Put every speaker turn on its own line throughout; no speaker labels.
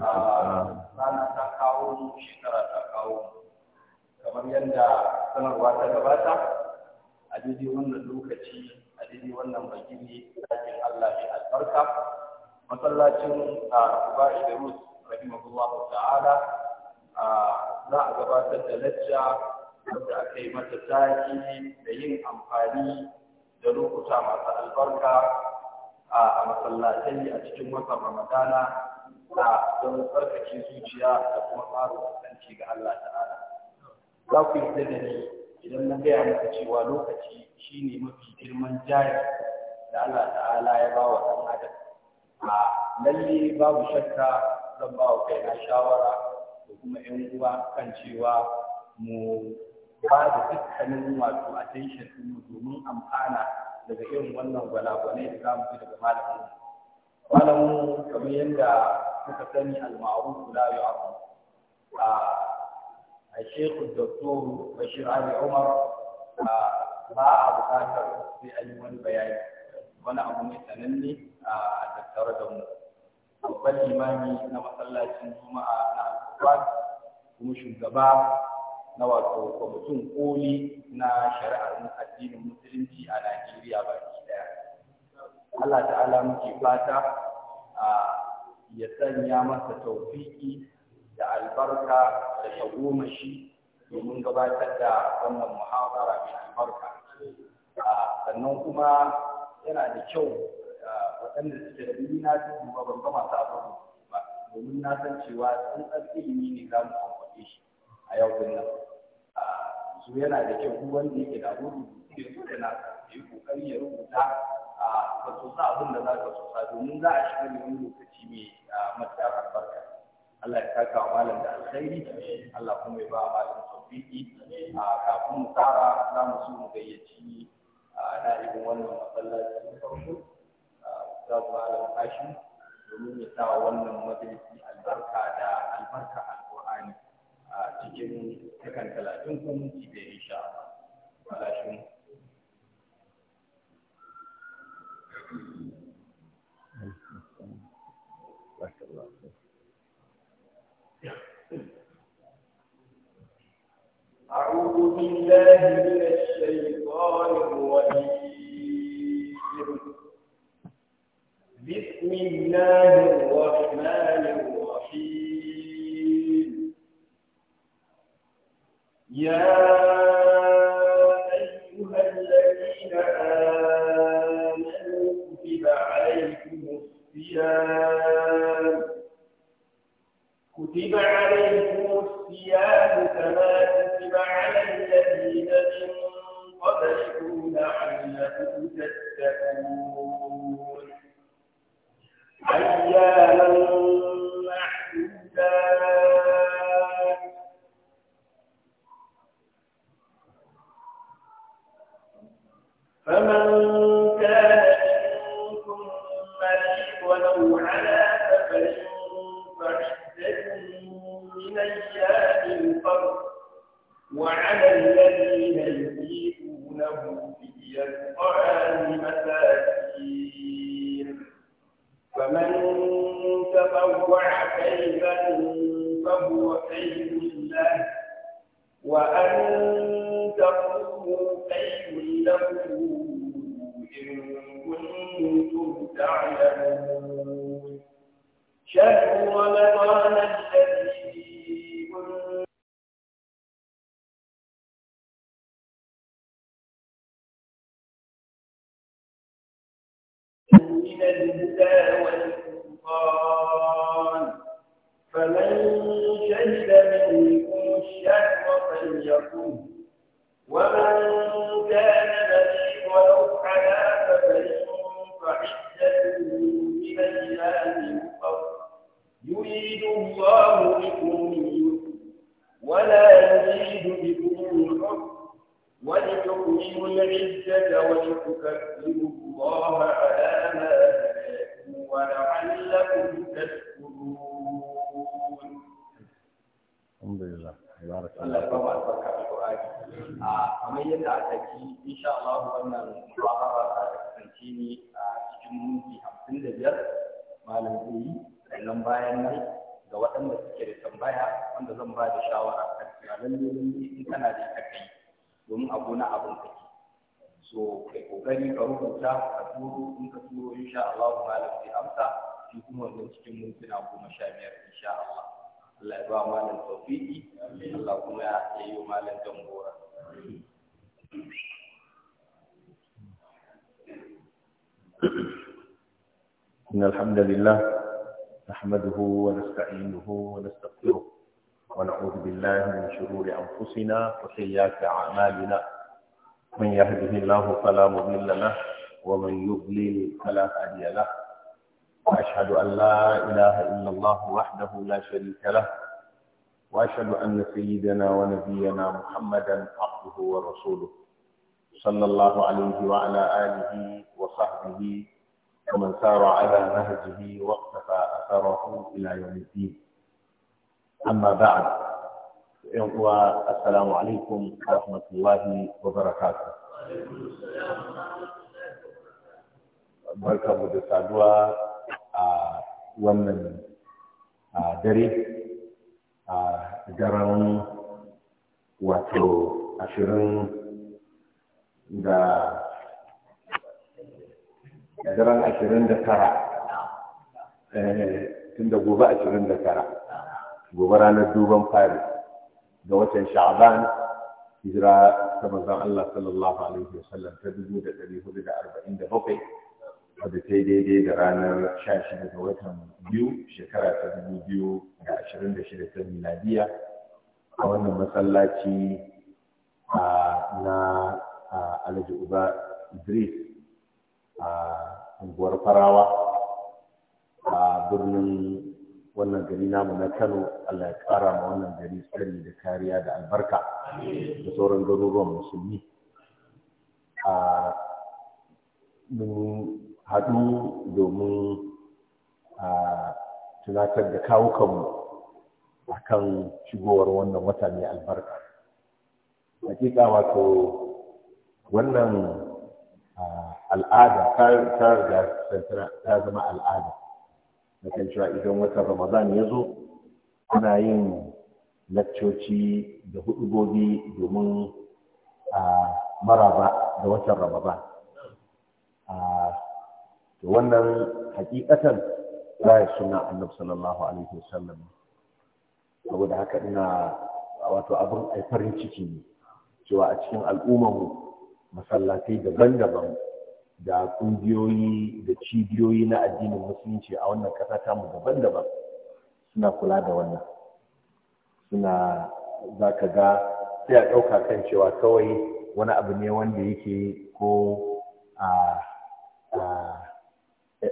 rana ta kawo shekara ta kawo
kamar yadda sanarwa ta gabata a daidai wannan lokaci a daidai wannan bagiri ɗakin Allah mai albarka masallacin a Rubai da Rus rahimahullah ta'ala za a
gabatar da lacca wanda aka yi mata taki da yin amfani da lokuta masu albarka a masallatai a cikin watan Ramadana a don tsarkake zuciya da kuma ƙara kusanci ga Allah ta'ala
za ku yi da ni idan na gaya maka cewa lokaci shine mafi girman jari da Allah ta'ala ya ba wa ɗan adam a
lalle babu shakka zan ba wa kaina shawara da kuma 'yan uwa kan cewa
mu ba da dukkanin wato attention ɗinmu domin amfana daga irin wannan gwalagwalai da za mu fi daga malamin malamin kamar yadda kuka sani al-ma'ruf la yu'afu a
shekhu doktor bashir ali umar
ba a bukatar sai an yi wani bayani wani abu mai sananne a tattare da mu babban limami na masallacin juma'a na al kuma shugaba na wato kwamitin koli na shari'ar addinin musulunci a najeriya baki daya allah ta'ala muke fata a ya sanya masa taufiki da albarka da
shi domin gabatar da wannan muhawara mai albarka sannan kuma
yana da kyau waɗanda suke da ilimi na su ba ban gama sabon ba domin na san cewa tsantsar ilimi ne za mu amfani shi a yau din nan su yana da kyau kuma wanda yake da rubutu ne so da na yi kokari ya rubuta a su sa abin da za ka sosa domin za a shiga da wani lokaci saka wa malam da alkhairi Allah kuma ya ba malam tawfiki a kafin mu fara za mu so mu gayyaci a ibin wannan masallaci
شهر رمضان
الذي من الهدى
ba da shawara kan cewa lalle lalle in kana da ka kai domin abu na abun kake so kai kokari ka rubuta ka turo in ka turo insha Allah malam zai amsa shi kuma wannan cikin mintuna goma sha biyar insha Allah Allah ya ba malam tawfiki Allah kuma ya yi malam jambora إن الحمد لله نحمده ونستعينه ونستغفره ونعوذ بالله من شرور أنفسنا وسيئات أعمالنا من يهده الله فلا مضل له ومن يضلل فلا هادي له وأشهد أن لا إله إلا الله وحده لا شريك له وأشهد أن سيدنا ونبينا محمدا عبده ورسوله صلى الله عليه وعلى آله وصحبه ومن سار على نهجه واقتفى أثره إلى يوم الدين أما بعد السلام عليكم ورحمة الله وبركاته barkanmu da saduwa a wannan dare a daren wato ashirin da daren ashirin da tara tun da gobe ashirin da tara gobe ranar duban fari ga watan sha'ban hijira ta manzon Allah sallallahu alaihi wasallam ta 1447 wadda ta yi daidai da ranar 16 ga watan biyu shekara ta 2026 ta miladiya a wannan masallaci na alhaji uba idris a unguwar farawa a birnin wannan gari namu na Kano Allah ya ƙara ma wannan gari tsari da kariya da albarka da sauran garuruwan musulmi a mun haɗu domin a tunatar da kawukanmu a kan shigowar wannan wata mai albarka hakika wato wannan al'ada ta ta zama al'ada na kan cewa idan watan ramadan ya zo ana yin laccoci da hudubobi domin a maraba da watan ramadan to wannan hakikatan rayar suna annabi sallallahu alaihi wasallam saboda haka ina wato abin ai farin ciki ne cewa a cikin al'ummar masallatai daban-daban da kungiyoyi da cibiyoyi na addinin musulunci a wannan ƙasa ta mu daban-daban suna kula da wannan suna za ka ga sai a ɗauka kan cewa kawai wani abu ne wanda yake ko a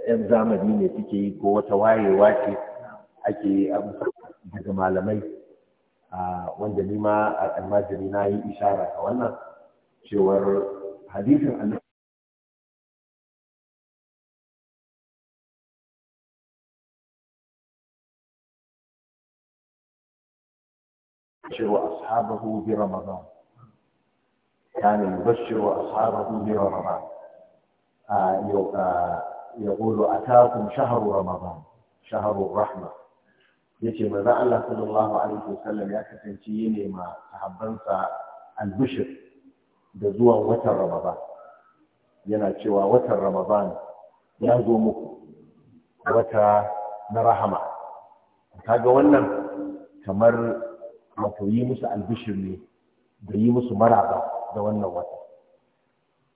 yan zamani ne suke yi ko wata wayewa ce ake daga malamai wanda nima
almajiri na yi ishara a wannan cewar hadisin annabi يبشر أصحابه برمضان كان يبشر أصحابه برمضان
يقول أتاكم شهر رمضان شهر الرحمة yace manzo Allah sallallahu alaihi wasallam ya kasance yene ma sahabbansa albushir da zuwan watan Ramadan yana cewa watan Ramadan ya zo muku wata na rahama kaga wannan kamar wato yi musu albishir ne da yi musu maraba da wannan wata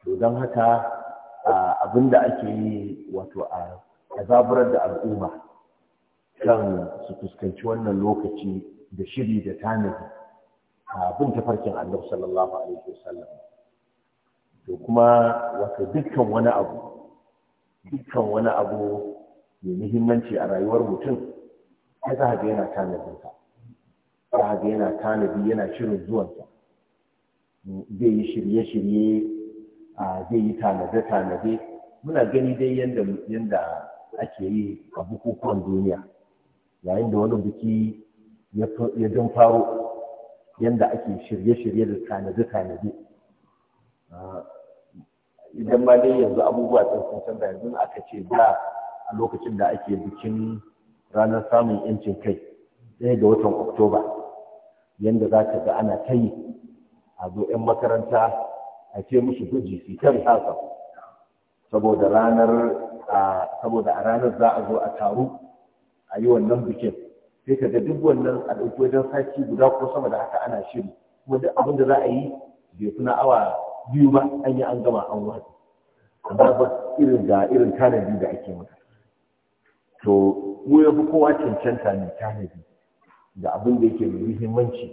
to don haka da ake yi wato a zaburar da al'umma kan su fuskanci wannan lokaci da shiri da tanadi a bin tafarkin Allah sallallahu alaihi wasallam to kuma wato dukkan wani abu dukkan wani abu mai muhimmanci a rayuwar mutum ya za yana tanadin za yana tanadi yana shirin zuwansa zai yi shirye-shirye a zai yi tanade-tanade muna gani dai yadda ake yi a bukukuwan duniya yayin da wani biki ya don faro yadda ake shirye-shirye da tanade-tanade idan ma dai yanzu abubuwa sun da yanzu aka ce da a lokacin da ake bikin ranar samun yancin kai ɗaya ga watan oktoba yanda za ka ga ana ta yi a zo 'yan makaranta a ce musu guji su haka saboda a ranar za a zo a taru a yi wannan bikin sai ka ga duk wannan a ɗauki wajen sati guda ko sama da haka ana shiri kuma duk abin da za a yi bai kuna awa biyu ba an yi an gama an wasu amma ba irin da irin tanadi da ake mata to mu kowa cancanta ne tanadi da abin da yake mai muhimmanci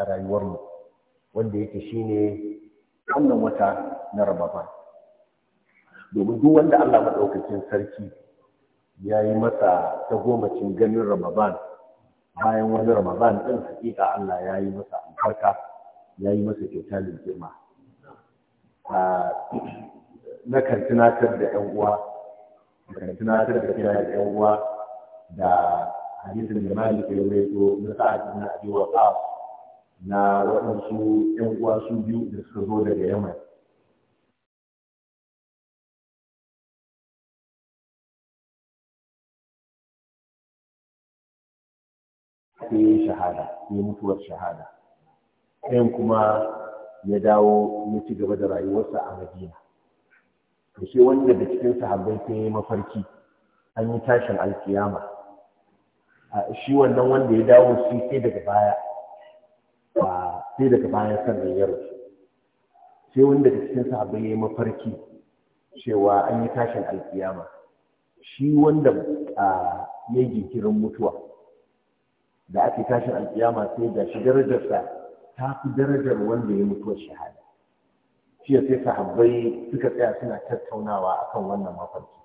a rayuwarmu wanda yake shine wannan wata na Ramadan domin duk wanda Allah madaukakin sarki ya yi masa ta gomacin ganin Ramadan bayan wani Ramadan ɗin hakika Allah ya yi masa albarka ya yi masa kyauta mai girma na kan da 'yan uwa da kan tunatar da 'yan uwa da hadisin da malik ya rawaito na sa'ad na abi waqas na
waɗansu ƴan uwa su biyu da suka zo daga yaman sai shahada sai mutuwar shahada
ɗayan kuma ya dawo ya ci gaba da rayuwarsa a madina to sai wanda da cikin sahabbai ta yi mafarki an yi tashin alkiyama shi wannan wanda ya dawo shi sai daga baya ba sai daga baya sannan ya rasu sai wanda daga cikin sahabbai ya yi mafarki cewa an yi tashin alkiyama shi wanda ya yi jinkirin mutuwa da ake tashin alkiyama sai da shi darajarsa ta fi darajar wanda ya mutuwa shahada shi ya sai sahabbai suka tsaya suna tattaunawa akan wannan mafarki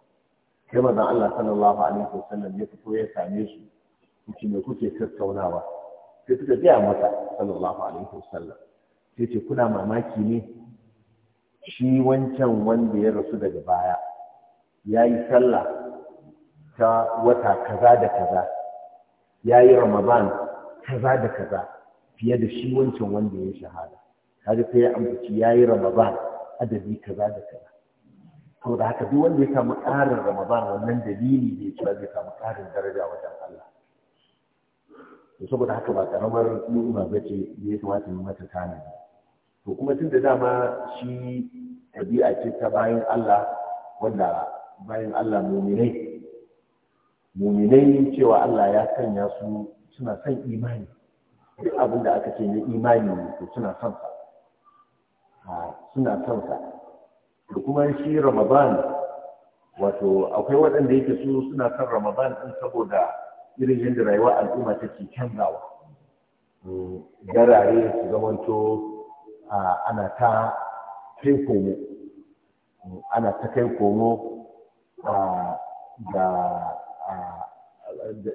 sai mazan Allah sallallahu alaihi wasallam ya fito ya same su ce me kuke tattaunawa sai suka gaya masa sallallahu alaihi wasallam sai ce kuna mamaki ne shi wancan wanda ya rasu daga baya ya yi sallah ta wata kaza da kaza ya yi ramadan kaza da kaza fiye da shi wancan wanda ya shahada kaga sai ya ambaci ya yi ramadan adadi kaza da kaza to da haka duk wanda ya samu ƙarin ramadan wannan dalili ne cewa zai samu ƙarin daraja wajen Allah to saboda haka ba karamar ni'ima ba ce da ya kamata mu mata tanadi to kuma tun da dama shi ɗabi'a ce ta bayan Allah wanda bayan Allah muminai muminai cewa Allah ya sanya su suna son imani duk abin da aka ce na imani to suna son sa suna son sa da kuma shi Ramadan wato akwai waɗanda yake su suna son Ramadan din saboda irin yadda rayuwa al'umma take canzawa garaye su zamanto ana ta kai komo ana ta kai komo da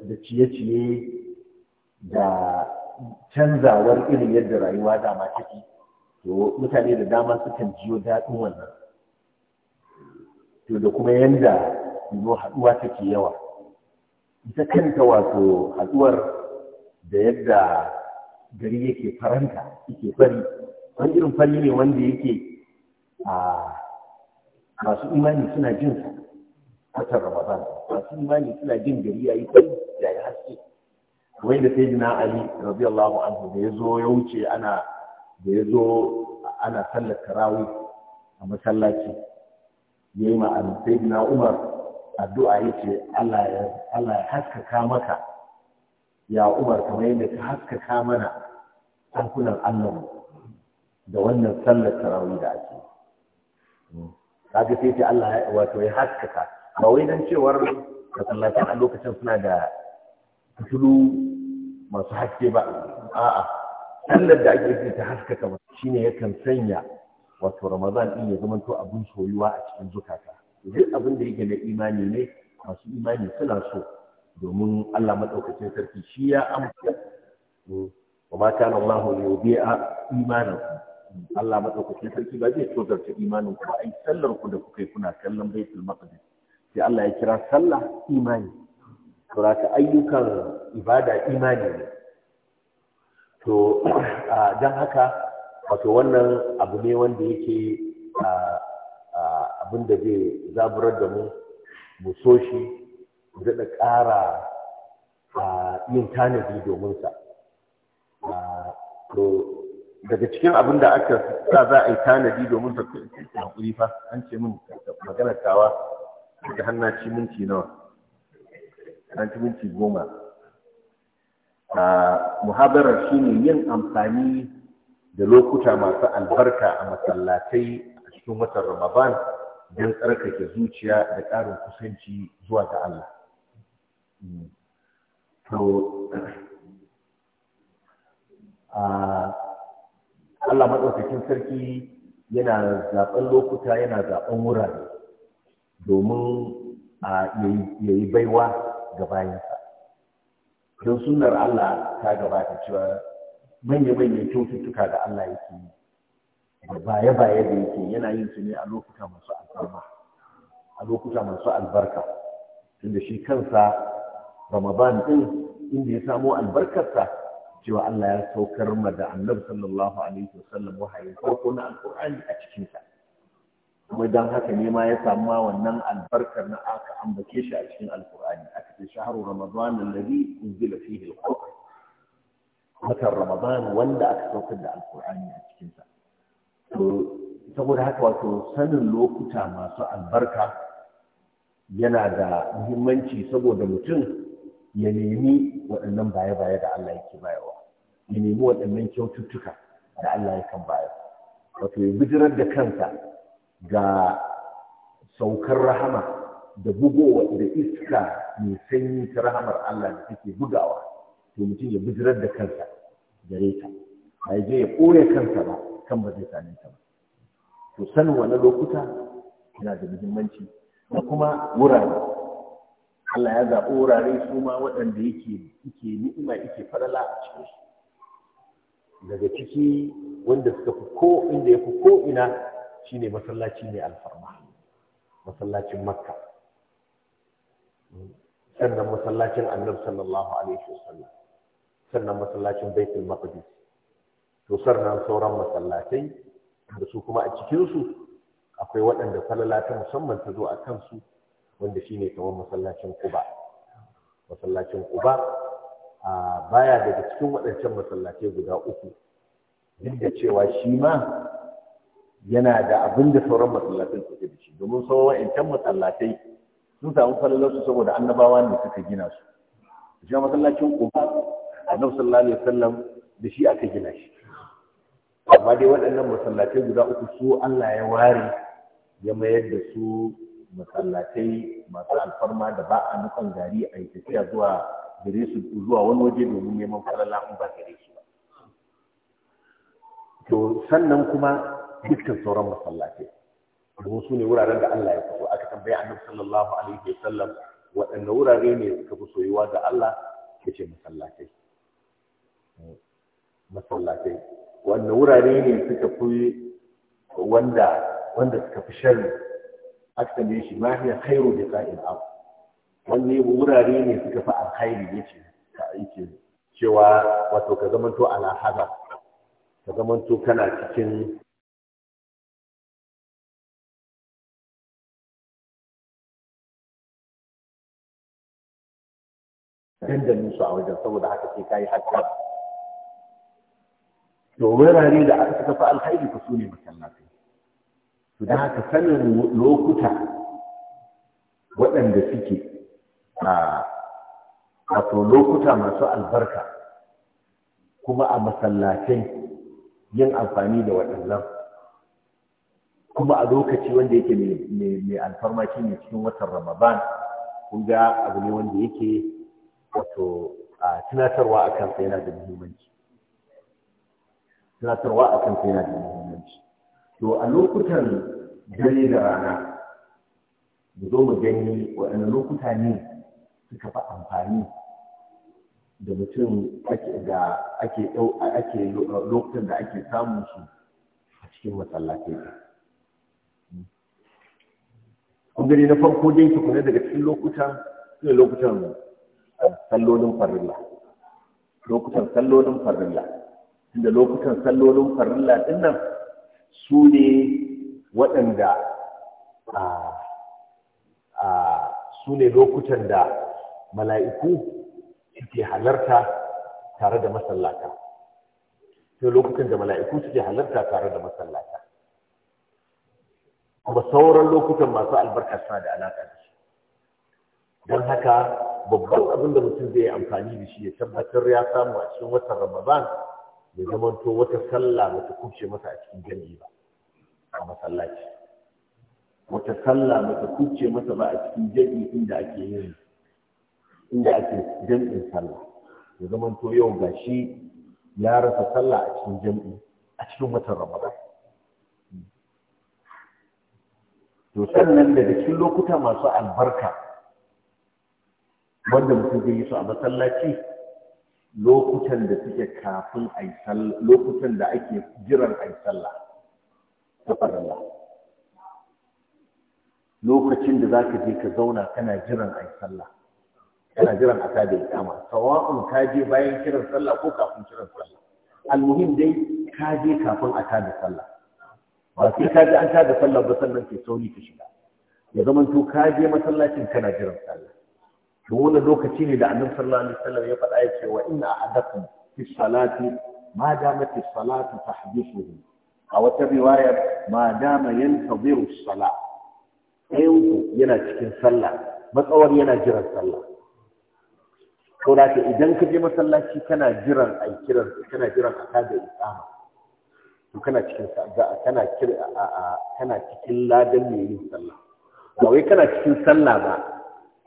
da ciye-ciye da canzawar irin yadda rayuwa dama take to mutane da dama sukan jiyo daɗin wannan to da kuma yadda haɗuwa take yawa ita kanta wato haduwar da yadda gari yake faranta yake fari wani irin fari ne wanda yake a masu imani suna jin sa ramadan masu imani suna jin gari ya yi fari ya yi haske kamar da sai jina ali radiyallahu anhu da ya zo ya wuce ana da ya zo ana sallar tarawih a masallaci ya yi ma'an sai jina umar addu'a yake Allah ya Allah ya haskaka maka ya Umar kamar yadda ka haskaka mana ɗakunan Allah da wannan sallar tarawih da ake kaga sai ce Allah wato ya haskaka ba wai dan cewar masallatan a lokacin suna da fitilu masu haske ba a'a sallar da ake yi ta haskaka shine yakan sanya wato Ramadan din ya to abun soyuwa a cikin zukata duk abin da yake na imani ne masu imani suna so domin Allah madaukakin sarki shi ya amsa wa ma kana Allahu a imanakum Allah madaukakin sarki ba zai tozarta imanin ku ai sallar ku da kuka yi kuna kallon baitul maqdis sai Allah ya kira sallah imani to ayyukan ibada imani ne to dan haka wato wannan abu ne wanda yake abin da zai zaburar da mu mu so shi mu daɗa ƙara yin tanadi domin sa daga cikin abin da aka sa za a yi tanadi domin sa hakuri fa an ce min magana tawa daga hannaci minti nawa an ci minti goma muhabarar shine yin amfani da lokuta masu albarka a masallatai a cikin watan ramadan don tsarkake zuciya da ƙarin kusanci zuwa ga Allah. To, Allah maɗaukakin sarki yana zaɓen lokuta yana zaɓen wurare domin ya yi baiwa ga bayansa. Don sunar Allah ta gabata cewa manya-manyan kyaututtuka da Allah yake yi. da baya-baya da yake yana yin su ne a lokuta masu alfarma a lokuta masu albarka tunda shi kansa ramadan din inda ya samo albarkarsa cewa Allah ya saukar ma da annabi sallallahu alaihi wasallam wahayin farko na alqur'ani a cikin sa kuma dan haka ne ma ya samu wannan albarkar na aka ambace shi a cikin alqur'ani aka ce shahru ramadan alladhi unzila fihi alqur'an watan ramadan wanda aka saukar da
alqur'ani a cikin sa
saboda haka wato sanin lokuta masu albarka yana da muhimmanci saboda mutum ya nemi waɗannan baye-baye da Allah yake bayarwa ya nemi waɗannan kyaututtuka da Allah yakan bayar wato ya bijirar da kansa ga saukar rahama da bugowa da iska mai sanyi ta rahamar Allah da take bugawa to mutum ya bijirar da kansa gare ta ba ya je ya kore kansa ba Kan ba zai same ta ba to sanin wani lokuta yana da
muhimmanci da kuma wurare
Allah ya zaɓi wurare su ma waɗanda yake yake ni'ima yake farala, a cikin su daga ciki wanda suka fi ko inda ya fi ko ina shine masallaci mai alfarma masallacin makka sannan masallacin annabi sallallahu alaihi wasallam sannan masallacin baitul maqdis to sannan sauran masallatai da su kuma a cikinsu akwai waɗanda falala ta musamman ta zo a kansu wanda ne kamar masallacin kuba masallacin kuba a baya daga cikin waɗancan masallatai guda uku duk da cewa shi ma yana da abin da sauran masallatai suke da shi domin sauran wa'ancan masallatai sun samu falalarsu saboda annabawa ne suka gina su shi masallacin kuba annabi sallallahu alaihi wasallam da shi aka gina shi amma dai waɗannan masallatai guda uku su Allah ya ware ya mayar da su masallatai masu alfarma da ba a nufan gari a yi tafiya zuwa gare su zuwa wani waje domin neman falala ba gare su ba to sannan kuma dukkan sauran masallatai domin su ne wuraren da Allah ya fito aka tambaye annabi sallallahu alaihi wa sallam, waɗanne wurare ne suka fi soyuwa ga Allah ce masallatai masallatai wanda wurare ne suka fi wanda wanda suka fi sharri aka ne shi ma hiya khairu bi qa'il ab wanne wurare ne suka fi alkhairi
yace ka aiki cewa wato ka zamanto ala hada ka zamanto kana cikin dandamin su a wajen saboda haka sai ka yi to wurare
da aka tafi alkhairi ku sune masallatai to da haka sanin lokuta waɗanda suke a wato lokuta masu albarka kuma a masallatai yin amfani da waɗannan kuma a lokaci wanda yake mai alfarma shi ne cikin watan ramadan kun ga abu ne wanda yake wato tunatarwa a kansa yana da muhimmanci tunatarwa a kan yana da muhimmanci to a lokutan dare da rana da zo mu gani waɗanda lokuta ne suka fi amfani da mutum da ake ake lokutan da ake samun su a cikin matsalatai kun gani na farko dai tukuna daga cikin lokutan su lokutan eh, sallonin farilla lokutan sallonin farilla inda lokutan sallolin farilla din nan su ne waɗanda su ne lokutan da mala'iku suke halarta tare da masallata sai lokutan da mala'iku suke halarta tare da masallata kuma sauran lokutan masu albarka suna da alaƙa da shi don haka babban abin da mutum zai yi amfani da shi ya tabbatar ya samu a cikin watan ramadan bai to wata sallah ba ta kubce masa a cikin jami'i ba a masallaci wata sallah ba ta kubce masa ba a cikin jami'i inda ake yin inda ake jami'in sallah ya to yau gashi ya rasa sallah a cikin jami'i a cikin watan ramadan to sannan daga cikin lokuta masu albarka wanda mutum zai yi su a masallaci lokutan da suke kafin a yi lokutan da ake jiran a yi sallah ta lokacin da za ka je ka zauna kana jiran a yi sallah kana jiran a tada ya kama sawa'un ka je bayan kiran sallah ko kafin kiran sallah almuhim dai ka je kafin a tada sallah ba sai ka je an tada sallah ba sannan ke sauri ka shiga ya zamanto ka je masallacin kana jiran sallah to wani lokaci ne da annabi sallallahu alaihi wasallam ya faɗa ya ce wa inna ahadakum fi salati ma damat as-salatu tahdithuhu a wata riwaya ma dama yantaziru sala yana cikin sallah matsawar yana jiran sallah to da idan ka je masallaci kana jiran kiran kana jiran a kada iqama to kana cikin kana kana cikin ladan mai yin sallah ba wai kana cikin sallah ba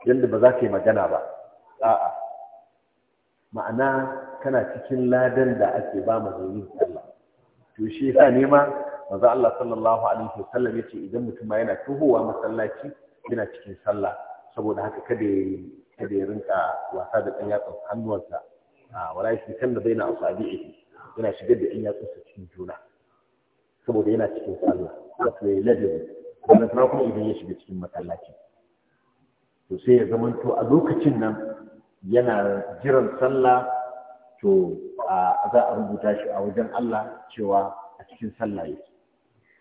yadda ba za ka yi magana ba a'a ma'ana kana cikin ladan da ake ba ma zai sallah to shi ya nema, manzo Allah sallallahu alaihi wasallam yace idan mutum ma yana tuhowa masallaci yana cikin sallah saboda haka kada ya kada ya rinka wasa da ɗan yatsun hannuwansa a wala shi kan da baina asabi'i yana shigar da ɗan yatsun cikin juna saboda yana cikin sallah wato ya ladabi wannan kuma idan ya shiga cikin masallaci to sai ya zama to a lokacin nan yana jiran sallah to za a rubuta shi a wajen Allah cewa a cikin sallah yake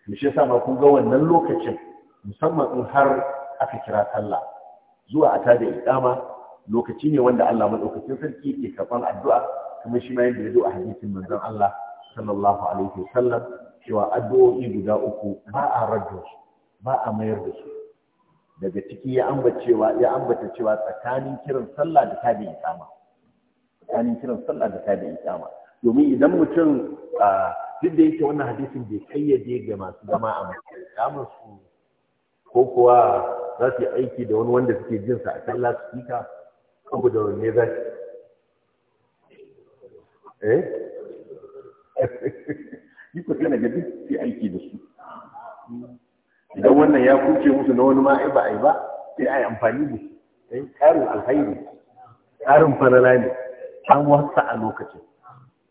to shi yasa ma kun ga wannan lokacin musamman in har aka kira sallah zuwa a tada iqama lokaci ne wanda Allah madaukakin sarki ke karban addu'a kuma shi ma yadda ya zo a hadisin manzon Allah sallallahu alaihi wasallam cewa addu'o'i guda uku ba a raddo ba a mayar da su daga ciki ya ambacewa ya ambata cewa tsakanin kiran sallah da tabi iqama tsakanin kiran sallah da tabi iqama domin idan mutum duk da yake wannan hadisin bai kayyade ga masu zama a masu su ko kuwa za su yi aiki da wani wanda suke jin sa a su fika abu da wani za su eh yi ku tana gadi sai aiki da su
idan wannan ya kuce musu na wani
ma'ai ba a yi ba sai a yi amfani da shi don ƙarin alhairi ƙarin falala ne an wasa a lokacin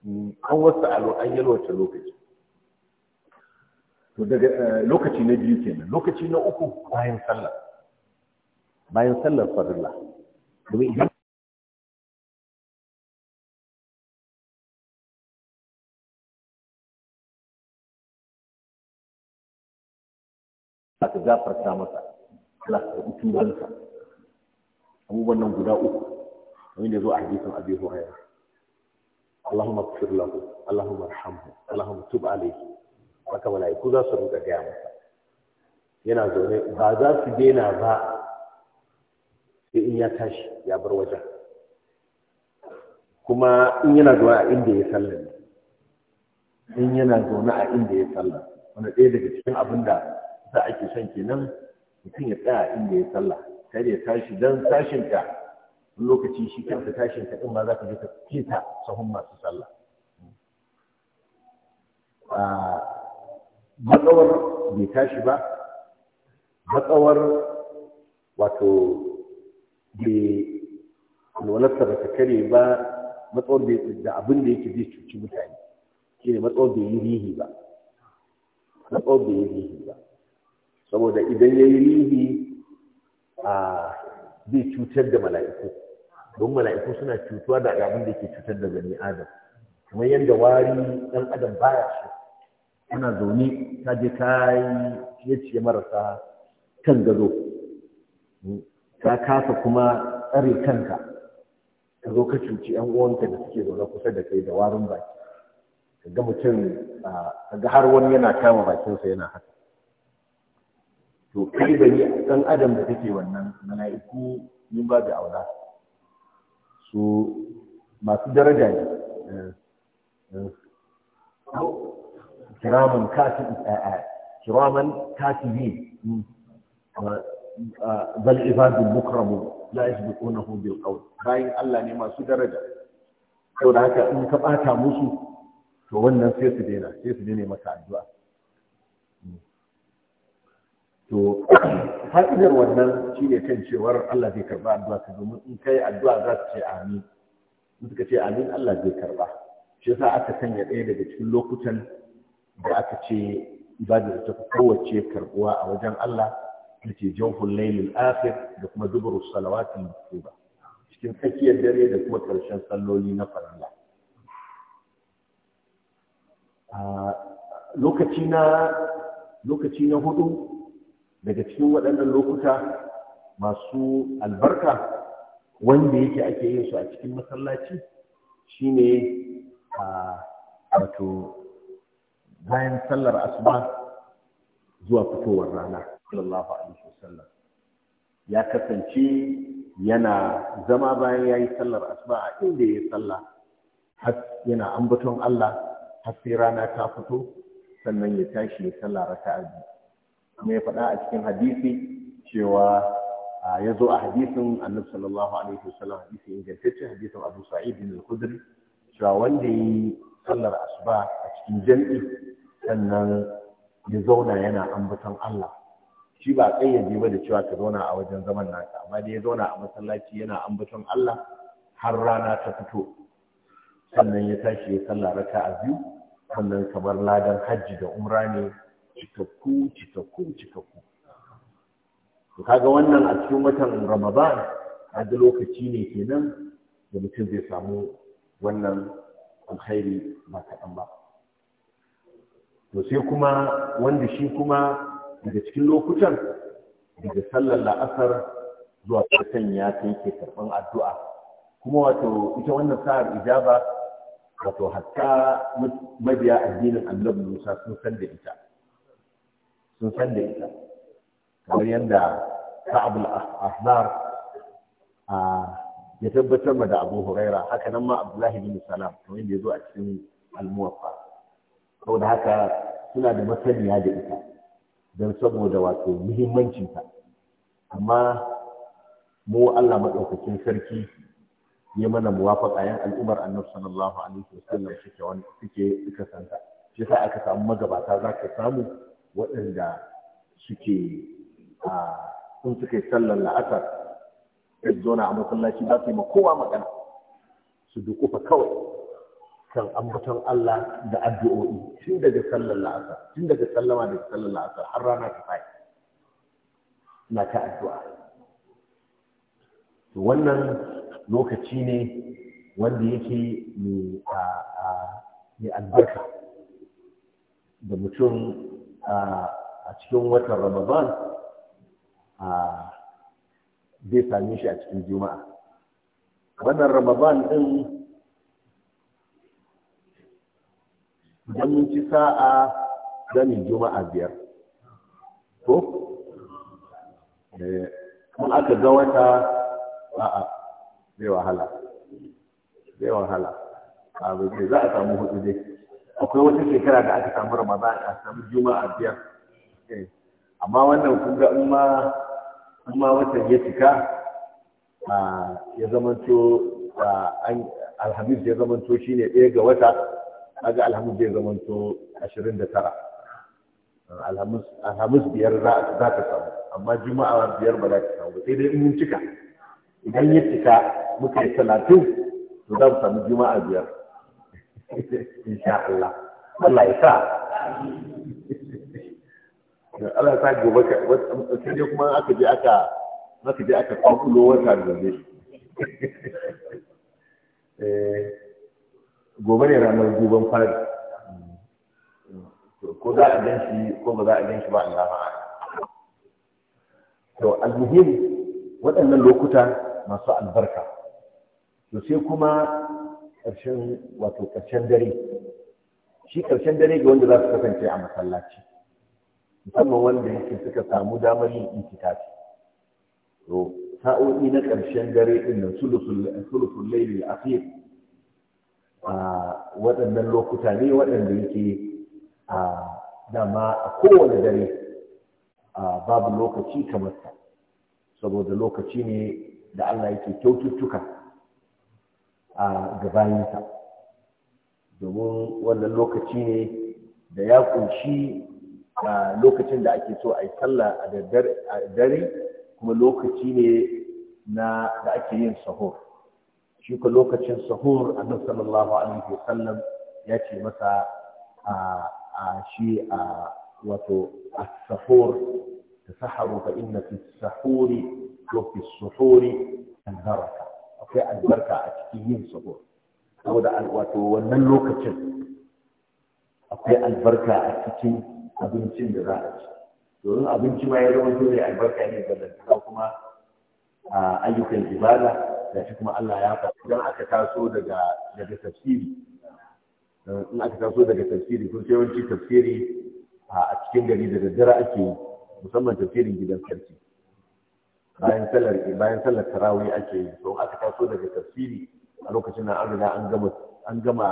mm, an wasa a lokacin. yalwata lokaci to daga eh, lokaci na biyu kenan lokaci na uku bayan
sallah bayan sallar farilla domin idan a ka gafarta masa Allah ka karɓi abubuwan nan guda uku wani da zo a
hadisin Abi Hurairah اللهم allahumma له allahumma ارحمه اللهم تب عليه haka mala'iku za su rinka gaya masa yana zaune ba za su daina ba sai in ya tashi ya bar wajen kuma in yana zaune a inda ya sallar in yana zaune a inda ya sallar wanda ɗaya daga cikin abin da sa ake son kenan mutum ya tsaya inda ya sallah kar ya tashi dan tashin ka lokaci shi kansa tashin ka din ma zaka je ka keta sahun masu sallah a matsawar bai tashi ba matsawar wato bai alwalarsa ba ta kare ba matsawar da abin da yake zai cuci mutane shi ne matsawar bai yi rihi ba matsawar bai yi rihi ba saboda idan ya yi rihi a zai cutar da mala'iku don mala'iku suna cutuwa da abin da ke cutar da gani adam kamar yadda wari ɗan adam baya so ana zaune ta je ta yi ciye marasa kan gado Ta kasa kuma tsare kanka ka zo ka cuci yan uwanka da suke zaune kusa da kai da warin baki ka ga mutum ka ga har wani yana kama bakinsa yana haka to kai da ni dan adam da take wannan mala'iku ni ba da aula su masu daraja ne eh, eh, kiraman eh, kiraman katibi bal ibadu mukramu la yasbiqunahu bil qawl bayin Allah ne masu daraja saboda haka in ka bata musu to wannan sai su daina sai su daina maka addu'a to fa'idar wannan shine kan cewar Allah zai karba addu'a su domin in kai addu'a za su ce amin in suka ce amin Allah zai karɓa, shi yasa aka sanya ɗaya daga cikin lokutan da aka ce ibada ta kowace karbuwa a wajen Allah da ce jan lailil akhir da kuma duburu salawatin maktuba cikin tsakiyar dare da kuma ƙarshen salloli na farilla lokaci na lokaci na hudu daga cikin waɗannan lokuta masu albarka wanda yake ake yin su a cikin masallaci shine a wato bayan sallar asuba zuwa fitowar rana sallallahu alaihi wasallam ya kasance yana zama bayan ya yi sallar asuba a inda ya yi sallah yana ambaton Allah har sai rana ta fito sannan ya tashi ya sallah raka'a biyu kuma ya faɗa a cikin hadisi cewa ya zo a hadisin annabi sallallahu alaihi wasallam hadisi ingantacce hadisin abu sa'id bin al-khudri cewa wanda yi sallar asuba a cikin jami'i sannan ya zauna yana ambaton Allah shi ba kayyade ba da cewa ka zauna a wajen zaman naka amma da ya zauna a masallaci yana ambaton Allah har rana ta fito sannan ya tashi ya sallar raka'a biyu sannan kamar ladan hajji da umra ne cikakku cikakku cikakku to kaga wannan a cikin watan Ramadan kaga lokaci ne kenan da mutum zai samu wannan alkhairi ba kaɗan ba to sai kuma wanda shi kuma daga cikin lokutan daga sallar la'asar zuwa kasan ya kai ke karɓan addu'a kuma wato ita wannan sa'ar ijaba wato hatta mabiya addinin annabi Musa sun san da ita sun san da ita kamar yadda ka'abul a ya tabbatar da abu huraira haka nan ma abdullahi bin salam kamar yadda ya zo a cikin almuwaffa saboda haka suna da masaniya da ita don saboda wato muhimmancinta amma mu allah maɗaukacin sarki ya mana muwafaƙa yan al'ummar annabi sallallahu alaihi wasallam suke suke suka santa shi sa aka samu magabata za ka samu waɗanda suke a sun suka yi sallar la'asar ta zona a masallaci ba su yi kowa magana su dukufa kawai kan ambaton Allah da addu'o'i tun daga sallar la'asar tun daga sallama da sallar la'asar har rana ta fai na ta addu'a wannan lokaci ne wanda yake mai albarka da mutum a cikin watan ramadan zai same shi a cikin juma'a wannan ramadan din don ci sa'a yi juma'a biyar ko? Eh, kuma aka ga wata a'a zai wahala zai wahala abu za a samu hudu dai akwai wata shekara da aka samu ramadan a samu juma'a biyar eh, amma wannan kuma ga in ma watan ya cika ya zamanto alhamis ya zamanto ne ɗaya ga wata ga alhamis zai zamanto ashirin da tara alhamis biyar za ta samu amma juma'a biyar ba za ta samu sai dai in mun cika idan ya cika muka yi talatin to za mu samu juma'a biyar insha Allah Allah ya sa Allah ya sa gobe ka wata ne kuma aka je aka aka je aka kwakulo wata da zai eh, gobe ne ranar duban fari ko za a gan shi ko ba za a gan shi ba Allah ba to al al-muhim waɗannan lokuta masu albarka to sai kuma ƙarshen wato ƙarshen dare shi ƙarshen dare ga wanda za su kasance a masallaci musamman wanda yake suka samu damar yin itikafi to sa'o'i na ƙarshen dare ɗin nan sulusul laili asir, a waɗannan lokuta ne waɗanda yake a dama a kowane dare a babu lokaci kamar sa saboda lokaci ne da Allah yake kyaututtuka a gabayinsa domin wannan lokaci ne da ya kunshi a lokacin da ake so a yi sallah a dare kuma lokaci ne na da ake yin sahur shi ka lokacin sahur annabi sallallahu alaihi wasallam ya ce masa a shi a wato a sahur tasaharu fa inna fi sahuri wa fi suhuri al-baraka akwai albarka a cikin yin sabo saboda wato wannan lokacin akwai albarka a cikin abincin da za a ci domin abinci ma ya zama dole albarka ne ga lantarki kuma ayyukan ibada da shi kuma Allah ya faɗi idan aka taso daga daga tafsiri eh, in aka taso daga tafsiri kun sai yawanci tafsiri a cikin gari da daddare ake musamman tafsirin gidan sarki bayan sallar bayan sallar tarawih ake yi to aka taso daga tafsiri a lokacin nan an riga an gama an gama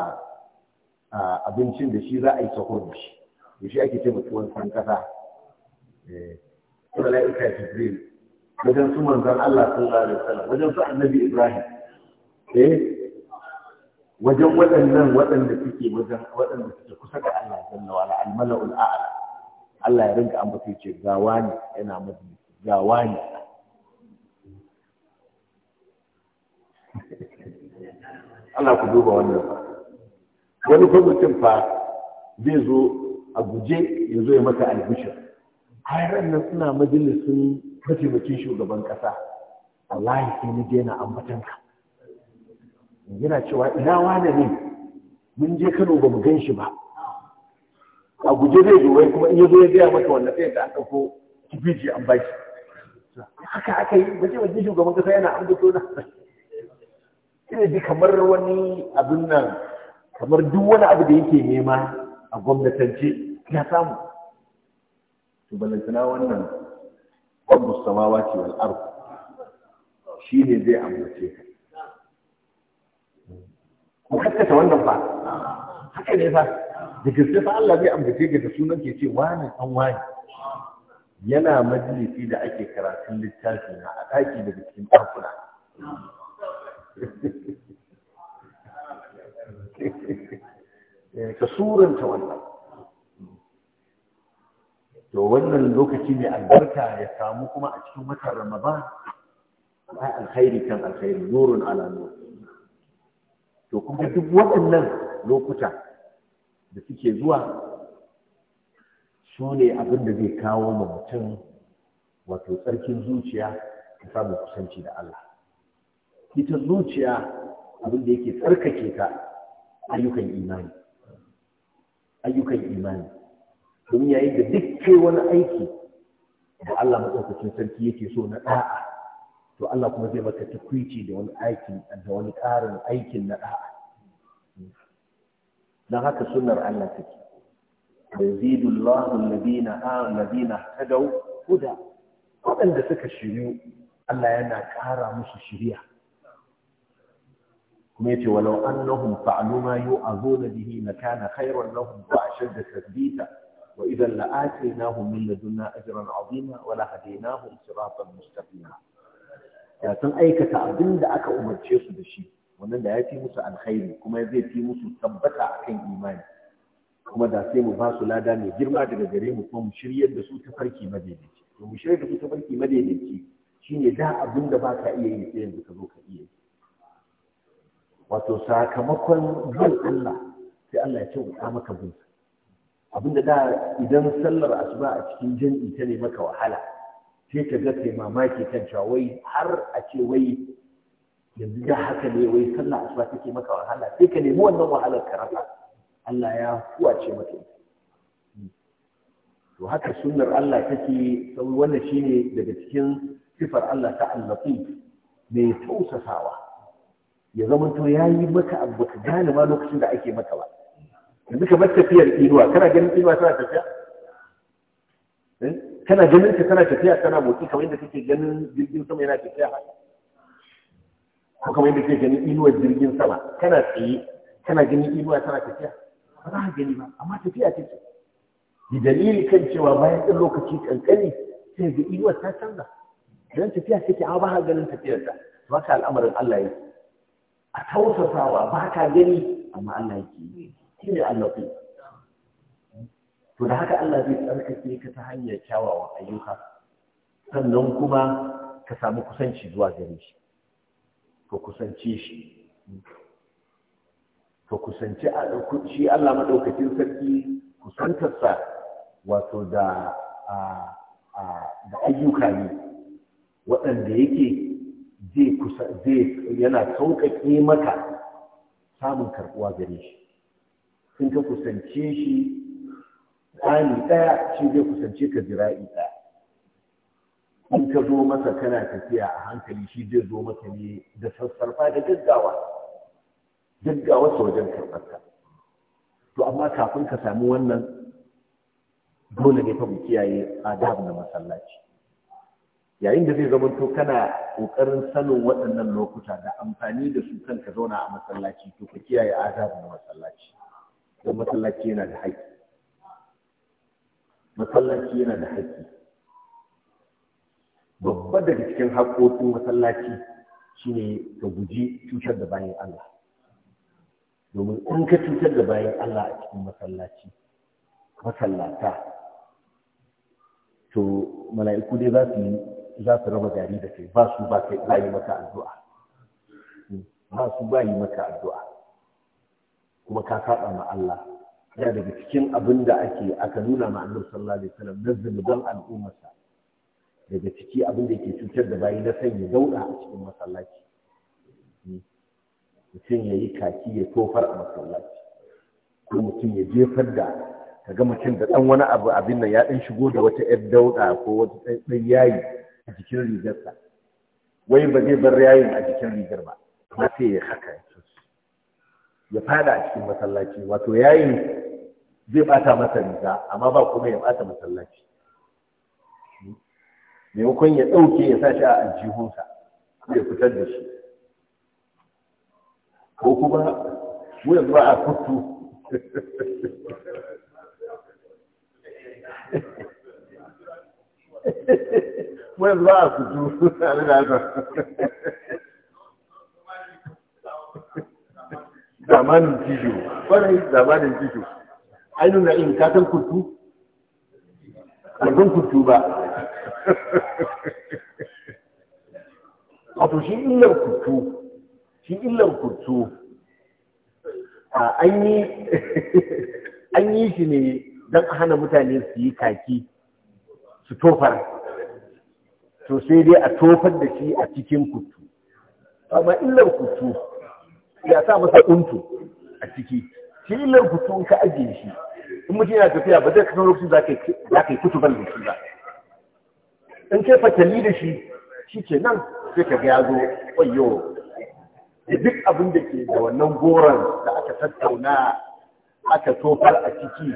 abincin da shi za a yi sahur da shi da shi ake ce mu tuwon san kasa eh malaika jibril wajen su manzon Allah sallallahu alaihi wasallam wajen su annabi ibrahim eh wajen waɗannan waɗanda suke wajen waɗanda suke kusa da Allah jalla wa ala al a'la Allah ya rinka ambace ce gawa ne yana majalisi gawa ne Allah ku duba wannan wani ko mutum fa zai zo a guje ya zo ya maka albishir hayaran nan suna majalisun mataimakin shugaban kasa wallahi sai na daina na ambatan ka yana cewa ina wane ne mun je Kano ba mu gan shi ba a guje zai zo wai kuma in ya zo ya gaya maka wannan sai da aka ko kibiji an baki haka aka yi waje waje shugaban kasa yana ambato na Ina ji kamar wani abin nan kamar duk wani abu da yake nema a gwamnatance ya samu to balantana wannan rabbus samawati ke ard shi ne zai amince ka ku kaskata wannan fa haka ne fa da gaske fa Allah zai amince ka da sunan ke ce wani an wani yana majalisi da ake karatun littafi na a ɗaki daga cikin ɗakuna Eh, ka wannan to wannan lokaci mai albarka ya samu kuma a cikin watan ramadan ba alkhairi kan alkhairi nurun ala nur to kuma duk waɗannan lokuta da suke zuwa su ne abin da zai kawo ma mutum wato tsarkin zuciya ya samu kusanci da Allah ita zuciya abin da yake tsarkake ta ayyukan imani ayyukan imani domin yayin da duk kai wani aiki da Allah maɗaukacin sarki yake so na ɗa'a to Allah kuma zai maka takwici da wani aiki da wani ƙarin aikin na ɗa'a don haka sunnar Allah take يزيد الله a آمنوا ta dau هدى waɗanda suka shiryu Allah yana ƙara musu shirya kuma yace walau annahum fa'alu ma yu'azuna bihi lakana khayran lahum wa ashadda tathbita wa idhan la'atainahum min ladunna ajran 'azima wa lahadainahum siratan mustaqima ya sun aikata abinda aka umarce su da shi wannan da ya fi musu alkhairi kuma zai fi musu tabbata akan imani kuma da sai mu ba su lada mai girma daga gare mu kuma mu shiryar da su ta farki madaidaici to mu shiryar da su ta farki madaidaici shine da abinda baka iya yi sai yanzu ka zo ka iya yi wato sakamakon bin Allah sai Allah ya kyauta maka bin abinda da idan sallar asuba a cikin jan'i ta ne maka wahala sai ka ga kai mamaki kan cewa wai har a ce wai yanzu da haka ne wai sallar asuba take maka wahala sai ka nemi wannan wahalar ka rasa Allah ya kuwace maka ita to haka sunnar Allah take wannan shine daga cikin sifar Allah ta al mai tausasawa ya zama to ya yi maka abu ka gane ma lokacin da ake maka ba yanzu kamar tafiyar inuwa kana ganin inuwa tana tafiya eh, kana ganin ta tana tafiya tana motsi kamar yadda kake ganin jirgin sama yana tafiya haka ko kamar yadda kake ganin inuwa jirgin sama kana tsaye kana ganin inuwa tana tafiya ba za ka gani ba amma tafiya ce da dalili kan cewa bayan ɗan lokaci kankani sai ga inuwa ta canza idan tafiya ce amma ba ka ganin tafiyar ta ba ka al'amarin Allah yi a tausasawa ba ka gani amma Allah yake shi ne Allah ku to da haka Allah zai tsarkake ka ta hanyar kyawawan ayyuka sannan kuma ka samu kusanci zuwa gare shi ka kusance shi ka kusance shi Allah madaukakin sarki kusantarsa wato da da ayyuka ne waɗanda yake zai kusa zai yana sauƙaƙe maka samun karɓuwa gare shi in ka kusance shi tsani ɗaya shi zai kusance ka jira'i ɗaya in ka zo masa kana tafiya a hankali shi zai zo maka ne da sassarfa da gaggawa gaggawa ta wajen karɓarka to amma kafin ka sami wannan dole ne fa mu kiyaye adab na masallaci yayin da zai zama to kana kokarin sanin waɗannan lokuta da amfani da su kanka zauna a masallaci to ka kiyaye azabin masallaci don masallaci yana da haƙƙi masallaci yana da haƙƙi babba daga cikin haƙƙoƙin masallaci shine ka guji cutar da bayan Allah domin in ka cutar da bayan Allah a cikin masallaci masallata to mala'iku dai za su yi za su raba gari da kai ba su ba kai yi maka addu'a hmm, ba su ba maka addu'a kuma ka saba ma Allah ya daga cikin abin da ake aka nuna ma Annabi sallallahu alaihi wasallam na zunuban al'ummarsa daga ciki abin da ke cutar da bayi na ya dauda a cikin masallaci hmm, mutum ya yi kaki ya tofar a masallaci ko mutum ya jefar da ka ga mutum da ɗan wani abu abin nan ya ɗan shigo da wata yar dauɗa ko wata ɗan yayi a jikin rigarsa wai ba zai bar yayin a jikin rigar ba Kuma sai ya haka ya fada a cikin masallaci wato yayin zai bata masa riga amma ba kuma ya bata masallaci maimakon ya ɗauke ya sa shi a aljihunsa ya fitar da shi ko kuma mu ba a kuttu
Wani yanzu ba a kutu a da haka
zamanin kisho kwarai zamanin kisho ainihin na in katon kutu ban kutu ba wato shi illar kutu shi illar kutu an yi shi ne don hana mutane su yi kaki su tofar to sai dai a tofar da shi a cikin kutu amma illar kutu ya sa masa kuntu a ciki shi illar kutu in ka ajiye shi in mutum yana tafiya ba zai kasan lokacin za ka yi kutu ban da shi ba in kai fatali da shi shi ke nan sai ka ga ya zo ƙwayo da duk abin da ke da wannan goron da aka tattauna aka tofar a ciki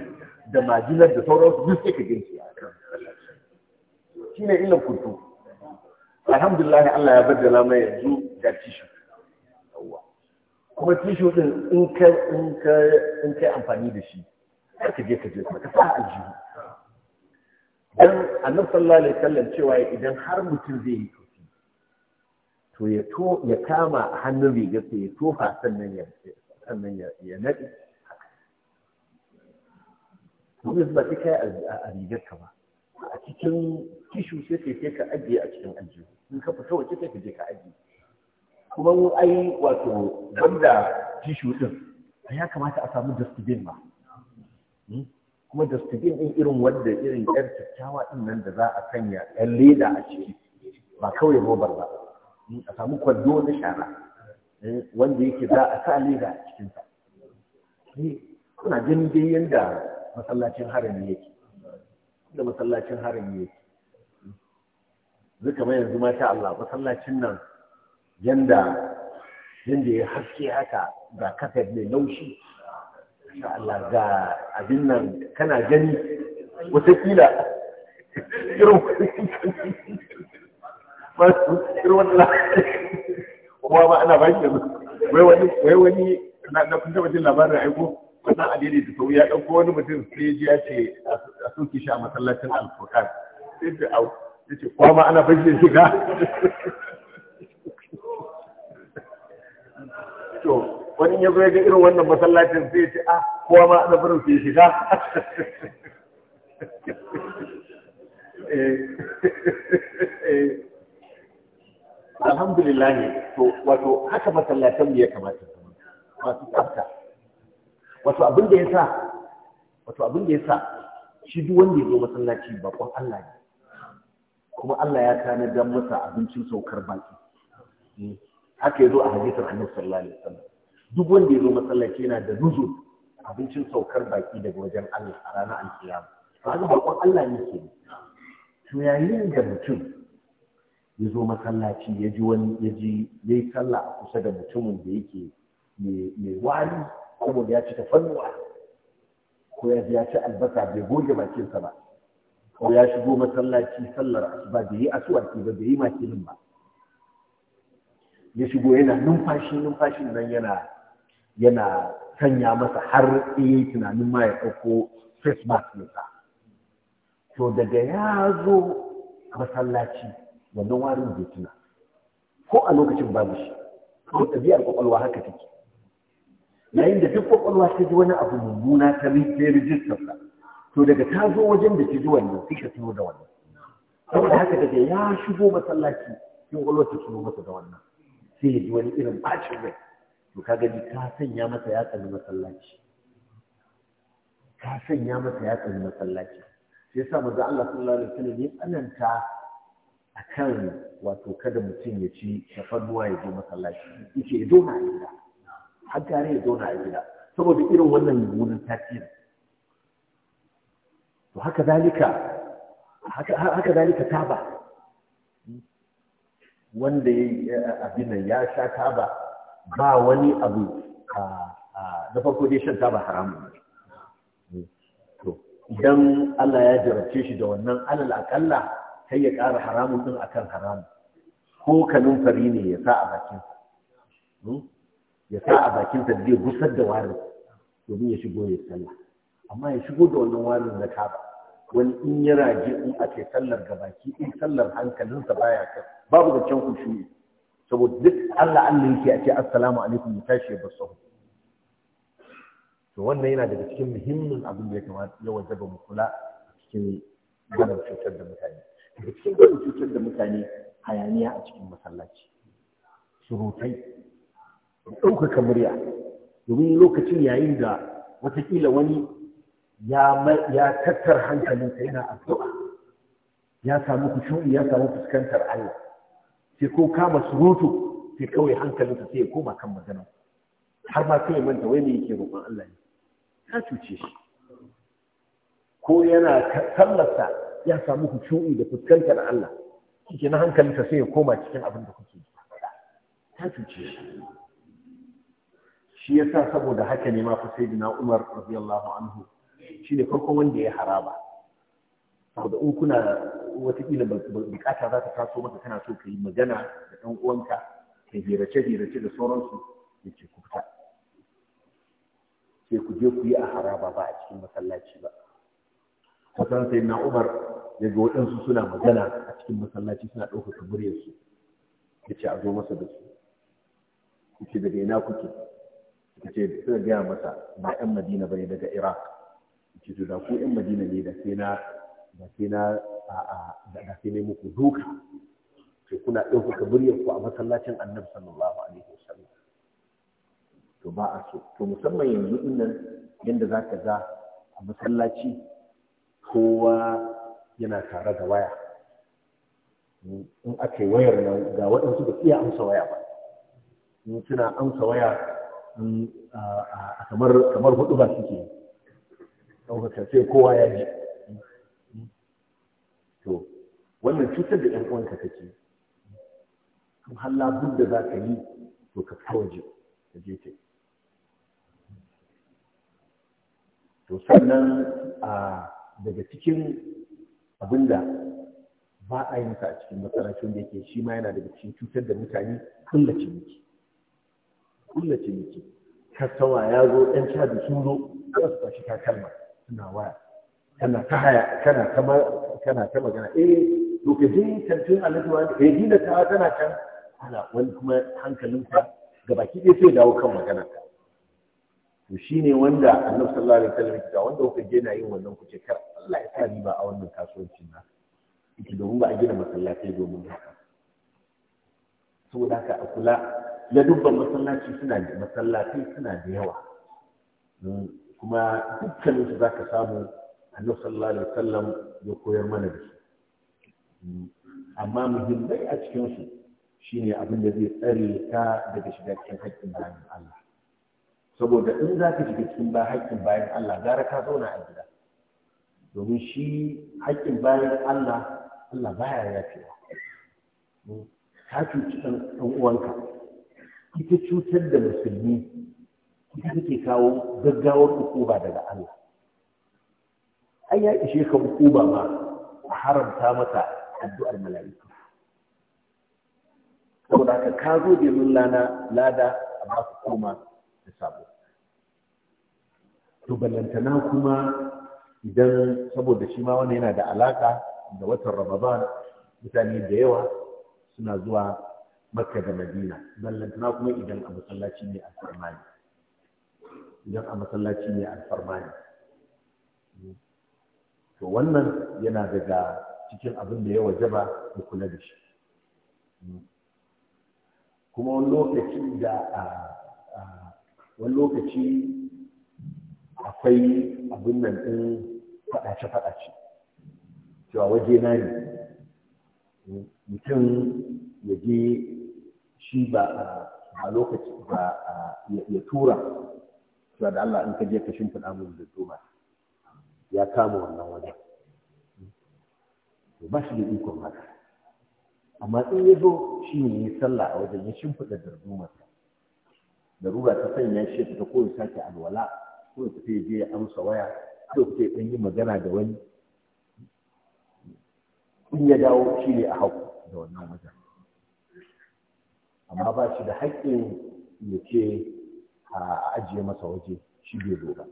da majinar da sauransu duk sai ka ganci a kan shi ne illar kutu alhamdulillah Allah ya baddala mai yanzu da tishu kuma tishu din in ka in ka in ka amfani da shi ka je ka je ka sa aljihu dan annabi sallallahu alaihi wasallam cewa idan har mutum zai yi tofi to ya to ya kama hannun riga sai ya tofa sannan ya sannan ya ya nadi to ba kai a rigar ka ba a cikin tishu sai sai ka ajiye a cikin aljihu in ka fita waje kai ka je ka aji kuma mu ai wato banda tishu din ya kamata a samu dustbin ma hmm? kuma dustbin din irin wanda irin yar kyakkyawa din nan da za a sanya yan leda a ciki ba kawai robar ba hmm, a samu kwando na shara hmm, wanda yake za a sa leda a cikinsa eh, kuna jin dai masallacin harami yake da masallacin harami yake zai kamar yanzu masha Allah masallacin nan yanda yanda ya haske haka ga kafet mai laushi sha Allah ga abin nan kana gani watakila irin kuma ma ana baki yanzu
wai wani wai wani
na kun taba jin labarin aiko wannan adili da sau ya dauko wani mutum sai ya ce a soke shi a masallacin alfurkan sai da yace ko ma ana fashin shiga to wani ya zo ya ga irin wannan masallacin sai ya ce a ah, kowa ma ana barin su shiga eh. Eh. alhamdulillah to wato haka masallacin ya kamata masu tsafta wato abin da ya sa wato abin da ya sa shi duk wanda ya zo masallaci bakon Allah ne kuma Allah ya dan masa abincin saukar baki hmm. haka yazo a hadisin Annabi sallallahu alaihi wasallam duk wanda ya zo masallaci yana da nuzul abincin saukar baki daga wajen Allah a ranar alkiyama haka bakon Allah ne ke to yayin da mutum ya zo masallaci ya ji wani ya ji sallah a kusa da mutumin da yake mai wari kuma ya ci tafannuwa ko ya ji ya ci albasa bai goge bakinsa ba ko ya shigo masallaci sallar asuba bai yi asuwarki ba bai yi makilin ba ya shigo yana numfashi numfashin nan yana yana sanya masa har iya tunanin ma ya ɗauko face mask nisa to daga ya zo masallaci wannan warin bai tuna ko a lokacin babu shi ko ɗabi'ar kwakwalwa haka take yayin da duk kwakwalwa ta ji wani abu mummuna ta rijistarsa to daga ta zo wajen da ke ji wannan sai ka tuno da wannan saboda haka daga ya shigo masallaci kin gwalwa ta tuno masa da wannan sai ya ji wani irin bacin rai to ka gani ka sanya masa ya tsani masallaci ka sanya masa ya tsani masallaci sai yasa maza Allah sallallahu alaihi wasallam ya tsananta a kan wato kada mutum ya ci shafarnuwa ya je masallaci yake ya zo na gida har gare ya zo na gida saboda irin wannan mummunan tasirin haka zalika taba wanda ya eh, abin ya sha taba ba wani abu na farko dai shan taba haramun idan Allah ya jarabce shi da wannan alal akalla sai ya ƙara haramun din akan haramun ko kanin fari ne ya sa a bakin hmm? ya sa a bakin sa zai gusar da warin domin ya shigo ya sallah amma ya shigo da wannan warin na taba wani in ya rage in ake sallar ga baki in sallar hankalinsa baya kai babu da can kushu saboda duk Allah Allah yake a ce assalamu alaikum ya tashi ya sahu to wannan yana daga cikin muhimmin abin da ya kamata ya wajaba mu kula cikin gudun cutar da mutane daga cikin gudun cutar da mutane hayaniya a cikin masallaci surutai ɗaukaka murya domin lokacin yayin da watakila wani ya tattar hankalinsa yana addu'a ya samu kushuri ya samu fuskantar Allah sai ko kama surutu sai kawai hankalinsa sai ya koma kan magana har ma kai manta wai me yake roƙon Allah ne ya cuce shi ko yana sallarsa ya samu kushuri da fuskantar Allah shi na hankalinsa sai ya koma cikin abin da kuke ta cuce shi shi yasa saboda haka ne ma fa sayyidina Umar radiyallahu anhu shine farko wanda ya haraba saboda in kuna watakila bukata za ta taso maka kana so ka yi magana da ɗan uwanka ka hirace hirace da sauransu da ke ku sai ku je ku yi a haraba ba a cikin masallaci ba kasan sai na umar ya ga waɗansu suna magana a cikin masallaci suna ɗaukaka muryarsu ya ce a zo masa da su ya ce daga ina kuke suka ce suka gaya masa ba 'yan madina ne daga iraq ce to da ku yan madina ne da sai na da sai na da sai ne muku duka sai kuna ɗaukaka muryar ku a masallacin annabi sallallahu alaihi wasallam to ba a so to musamman yanzu nan yanda za ka za a masallaci kowa yana tare da waya in aka wayar nan ga waɗansu da iya amsa waya ba in suna amsa waya kamar kamar hudu ba suke ɗaukaka sai kowa ya ji to wannan cutar da ɗan uwanka kake kan har duk da za ka yi to ka kawaje ka je ce to sannan a daga cikin abin da ba a yi sa a cikin makarantun da yake shi ma yana daga cikin cutar da mutane kulla ciniki kulla ciniki kasawa ya zo ɗan cadi sun zo za su ta takalma suna waya kana ta haya kana ta kana ta magana eh to ka je kantin alhaji wani eh gina ta tana can ana wani kuma hankalinka ga baki ɗaya sai dawo kan magana ka to shine wanda annabi sallallahu alaihi wasallam ya wanda kuka je na yin wannan kuce kar Allah ya sa riba a wannan kasuwancin na yake domin ba a gina masallatai domin haka saboda haka a kula ladubban masallaci suna da masallatai suna da yawa hmm. kuma dukkanin su ka samu annabi sallallahu alaihi wasallam ya koyar mana da su amma muhimmai a cikin su shine abin da zai tsare ka daga shiga cikin haƙƙin bayan Allah saboda in za ka shiga cikin ba haƙƙin bayan Allah gara ka zauna a gida domin shi haƙƙin bayan Allah Allah baya yafewa ka cuci ɗan uwanka ita cutar da musulmi ita take kawo gaggawar hukuma daga Allah ai ya ishe ka hukuma ma a haramta maka addu'ar mala'iku saboda haka ka zo domin lana lada a ba su koma da sabo to ballantana kuma idan saboda shi ma wani yana da alaƙa da watan ramadan mutane da yawa suna zuwa makka da madina ballantana kuma idan a masallaci ne a tsammani idan a masallaci ne alfarma ne to wannan yana daga cikin abin da ya wajaba da kula da shi kuma wani lokaci da wani lokaci akwai abin nan ɗin faɗace-faɗace cewa waje na ne mutum ya shi ba a lokaci ba ya tura cewa da Allah in ka je ka shimfiɗa mun da zuma ya kama wannan wajen to ba shi da ikon haka amma in ya zo shi ne ya sallah a wajen ya shimfiɗa dardumarsa da ruga ta sanya shi ta ko ya sake alwala ko ya fita je ya amsa waya ko ya fita yi magana da wani in ya dawo shi ne a hau da wannan wajen amma ba shi da haƙƙin ya ce a ajiye masa waje shi bai zo ba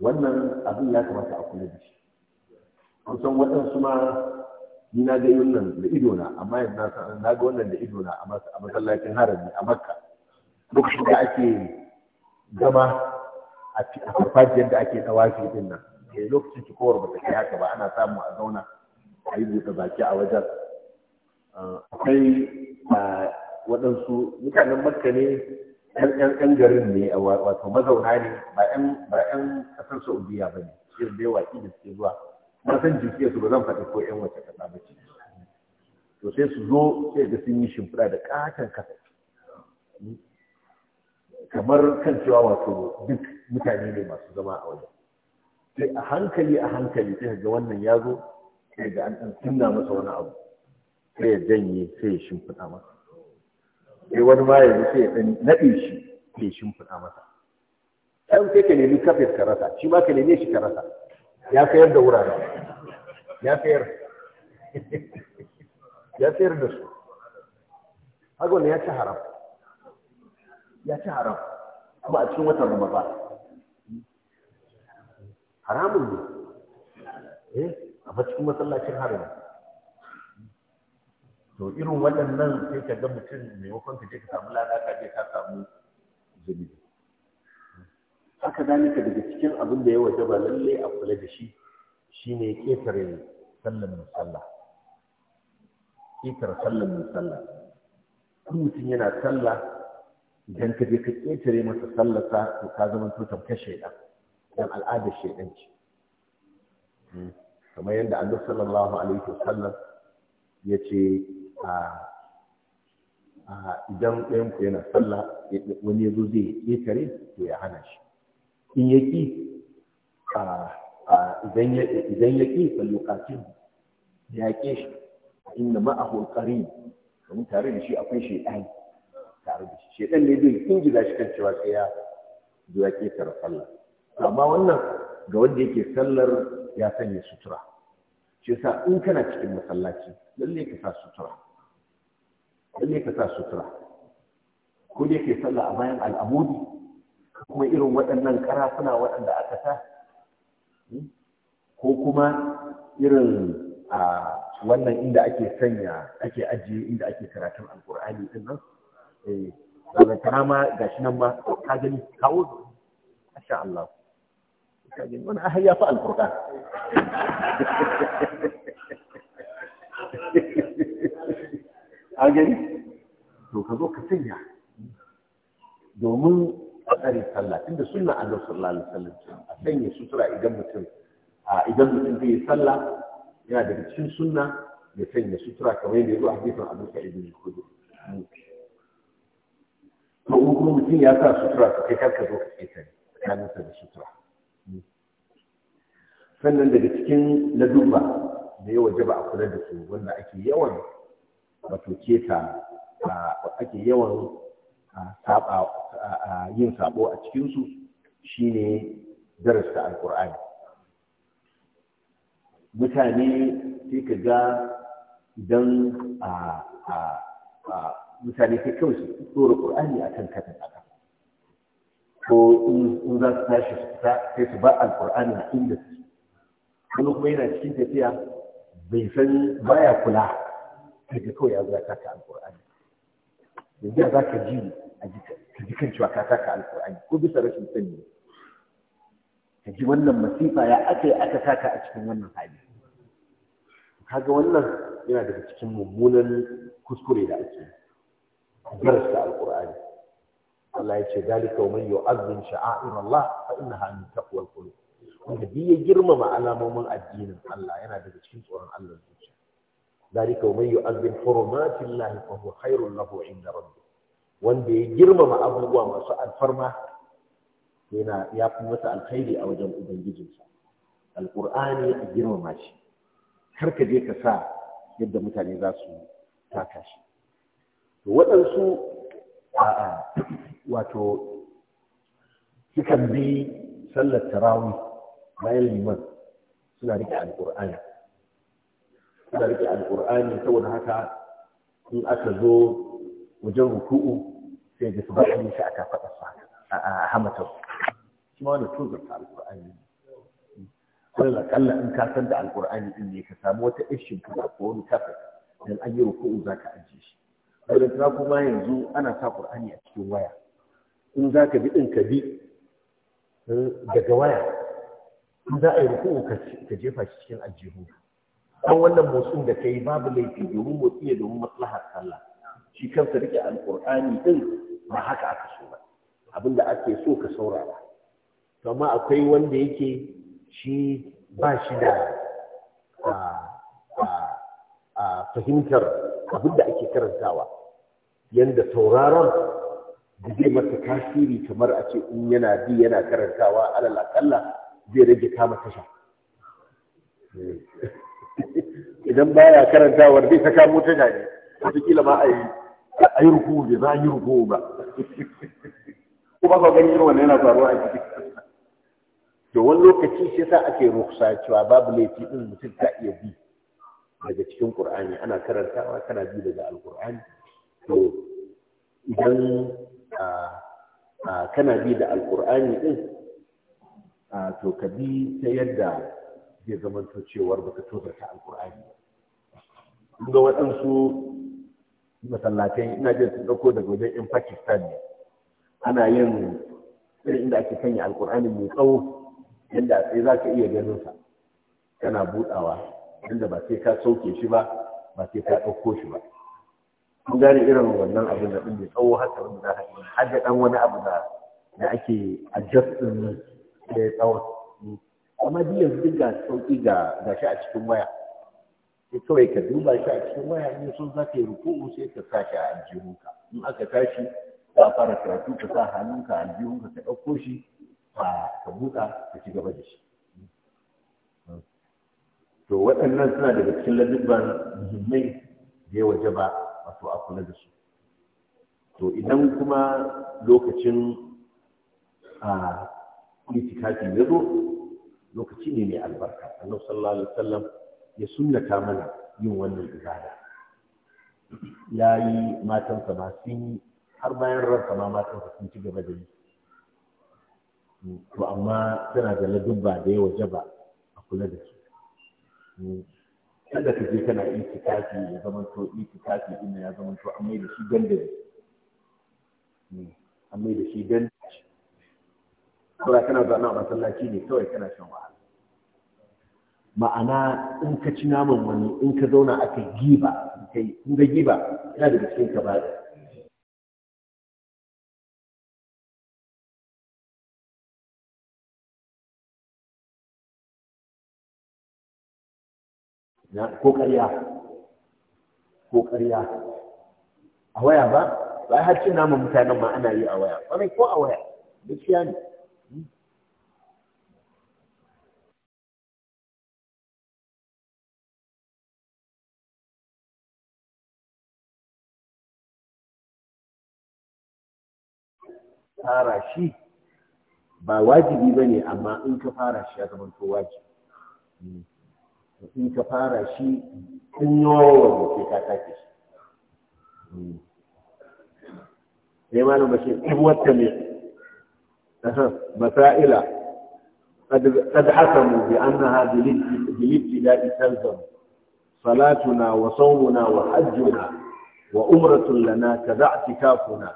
wannan abin ya kamata a kula da shi an san waɗansu ma ni na ga yin nan da ido na amma yanzu na ga wannan da ido na a masallacin harami a makka lokacin da ake gama a farfajiyar da ake tsawafi din nan eh, lokacin cikowar ba ta kai haka ba ana samu a zauna a yi buɗe baki a wajen ah, akwai ah, waɗansu mutanen makka ne ɗan garin ne wato mazauna ne ba ƴan ƙasar saudiya ba ne shi da waƙi da suke zuwa na san su ba zan faɗi ko ƴan wata ƙasa ba ce to sai su zo sai da sun yi shimfiɗa da ƙaton kasa kamar kan cewa wato duk mutane ne masu zama a wajen sai a hankali a hankali sai ga wannan ya zo sai ga an tunna masa wani abu sai ya janye sai ya shimfiɗa masa
sai wani ma ya zo ya ɗan
naɗe shi ke shimfiɗa masa ɗan sai ka nemi kafet ka rasa shi ma ka neme shi ka rasa ya sayar da wuraren ya sayar ya sayar da su haka wani ya ci haram ya ci haram kuma a cikin watan ba. haramun ne eh a cikin masallacin haram to irin waɗannan sai ka ga mutum maimakon ka je ka samu lalata ka je ka samu zunubi haka zalika daga cikin abin da ya waje ba lalle a kula da shi shine ƙetare sallan musalla ketare sallan musalla kun mutum yana salla idan ka je ka ƙetare masa sallarsa to ka zama to tamkar shaidan dan al'adar shaidan ce hmm. kamar yadda annabi sallallahu alaihi wasallam ya ce idan ɗayan ku yana sallah wani ya zo zai kare to ya hana shi in ya ƙi idan ya ƙi falukatin ya ƙe shi inda ma'ahu ƙari domin tare da shi akwai shaiɗani tare da shi shaiɗan ne zai ingiza shi kan cewa sai ya zo ya ƙetare sallah amma wannan ga wanda yake sallar ya sanya sutura shi yasa in kana cikin masallaci lallai ka sa sutura lalle ka sa sutura ko ne ke sallah a bayan al'amudi kuma irin waɗannan karafuna waɗanda aka sa hmm? ko kuma irin a wannan inda ake sanya ake ajiye inda ake karatun alkur'ani din nan eh daga ma gashi nan ma ka gani kawo masha Allah ka gani wannan ahya fa alkur'an a gani to ka zo ka sanya domin a tsare sallah tunda sunna Allah sallallahu alaihi wasallam a sanya sutura idan mutum a idan mutum zai yi sallah yana daga cikin sunna ya sanya sutura kamar yadda ya zo a gefen Abu Sa'id al kudu ko kuma mutum ya sa sutura ka kai karka zo ka ketare ka sa da sutura sannan daga cikin duba, da yawa jaba a kula da su wanda ake yawan wato a ake yawan yin sabo a cikinsu shine darasta alkur'ani mutane sai ka ga idan mutane sai kawai su ɗora ƙur'ani a kan katin aka ko in za su tashi su fita sai su ba alƙur'ani a inda su wani kuma yana cikin tafiya bai san baya kula daga kawai ya zuwa taka alƙur'ani yanzu za ka ji ka ji kan cewa ka taka alƙur'ani ko bisa rashin sani ka ji wannan masifa ya aka yi aka taka a cikin wannan hali kaga wannan yana daga cikin mummunan kuskure da ake darasta alkur'ani Allah ya ce dalika wa man yu'azzim sha'air Allah fa innaha min taqwa al wanda bi ya girmama alamomin addinin Allah yana daga cikin tsoron Allah ذلك ومن يؤذن حرمات الله فهو خير له عند ربه wanda ya girmama abubuwa masu alfarma yana ya fi masa alkhairi a wajen ubangijinsa alqur'ani a girmama shi har ka je ka sa yadda mutane za su taka shi to waɗansu a wato sukan bi sallar tarawih bayan liman suna rike alqur'ani suna rike alqur'ani saboda haka in aka zo wajen ruku'u sai ga su ba shi aka faɗa a hamata shi ma wani Alƙur'ani. Kuma kullum akalla in ka san da alkur'ani din ne ka samu wata ishin ka ko wani kafa dan an yi ruku'u za ka ajiye shi wanda ta kuma yanzu ana sa ƙur'ani a cikin waya in za ka bi ɗin ka bi eh, daga waya in za a yi ruku'u ka jefa shi cikin aljihunka kan wannan motsin da yi babu laifi domin motsi ya domin maslahar sallah shi kansa rike alqur'ani din ba haka aka so ba abinda ake so ka saurara to amma akwai wanda yake shi ba shi da a fahimtar abinda ake karantawa yanda sauraron da zai mata tasiri kamar a ce in yana bi yana karantawa alal akalla zai rage kama tasha eh. idan baya karantawa zai ta kamo ta gani wataƙila ma a yi a yi ruku bai za a yi ruku ba Kuma ba ka gani irin yana faruwa a ciki to wani lokaci sai sa ake ruksa cewa babu laifi din mutum ta iya bi daga cikin qur'ani ana karantawa kana bi daga alqur'ani to idan kana bi da alqur'ani din to ka bi ta yadda zai zamanto cewar baka tozarta alkur'ani ba ga waɗansu masallatai ina jin su dauko daga wajen in Pakistan ne ana yin irin inda ake sanya alkur'ani mai tsawo yadda sai za ka iya ganin sa kana buɗawa inda ba sai ka sauke shi ba ba sai ka ɗauko shi ba kun gane irin wannan abin da ɗin mai tsawo haka wanda za ka iya har da ɗan wani abu da ake adjust da ya tsawon amma biyan yanzu duk ga sauƙi ga shi a cikin waya kawai ka duba shi a cikin waya in sun za yi ruku'u sai ka sa a aljihunka in aka tashi ka fara karatu ka sa hannunka a aljihunka ka ɗauko shi ka buɗa ka ci gaba da shi to waɗannan suna daga cikin ladubban muhimmai da ya waje ba wato a kula da su to idan kuma lokacin a itikafi ya zo lokaci ne mai albarka annabi sallallahu alaihi wasallam ya sunnata mana yin wannan ibada ya yi matansa ma sun yi har bayan ransa ma matansa sun ci gaba da yi to amma tana da ladubba da yawa jaba a kula da su kada ka je kana itikafi ya zama to itikafi ina ya zama to amma da shi ne amma da shi gandari
kawai kana zaune a
masallaci ne kawai kana shan wahala ma'ana in ka ci naman wani in ka zauna aka giba
kai in ga giba yana daga cikin bada ko ƙarya ko ƙarya a waya ba ba har cin naman mutanen ma ana yi a waya ba. ko a waya duk ne fara shi ba wajibi ba ne amma in ka fara shi ya zama to
wajibi hmm. in ka fara shi sun yawon da ke ka take shi hmm. sai malam bashir in ta ne masa'ila قد حكموا بأنها بالابتداء تلزم صلاتنا وصومنا وحجنا وأمرة لنا كذا اعتكافنا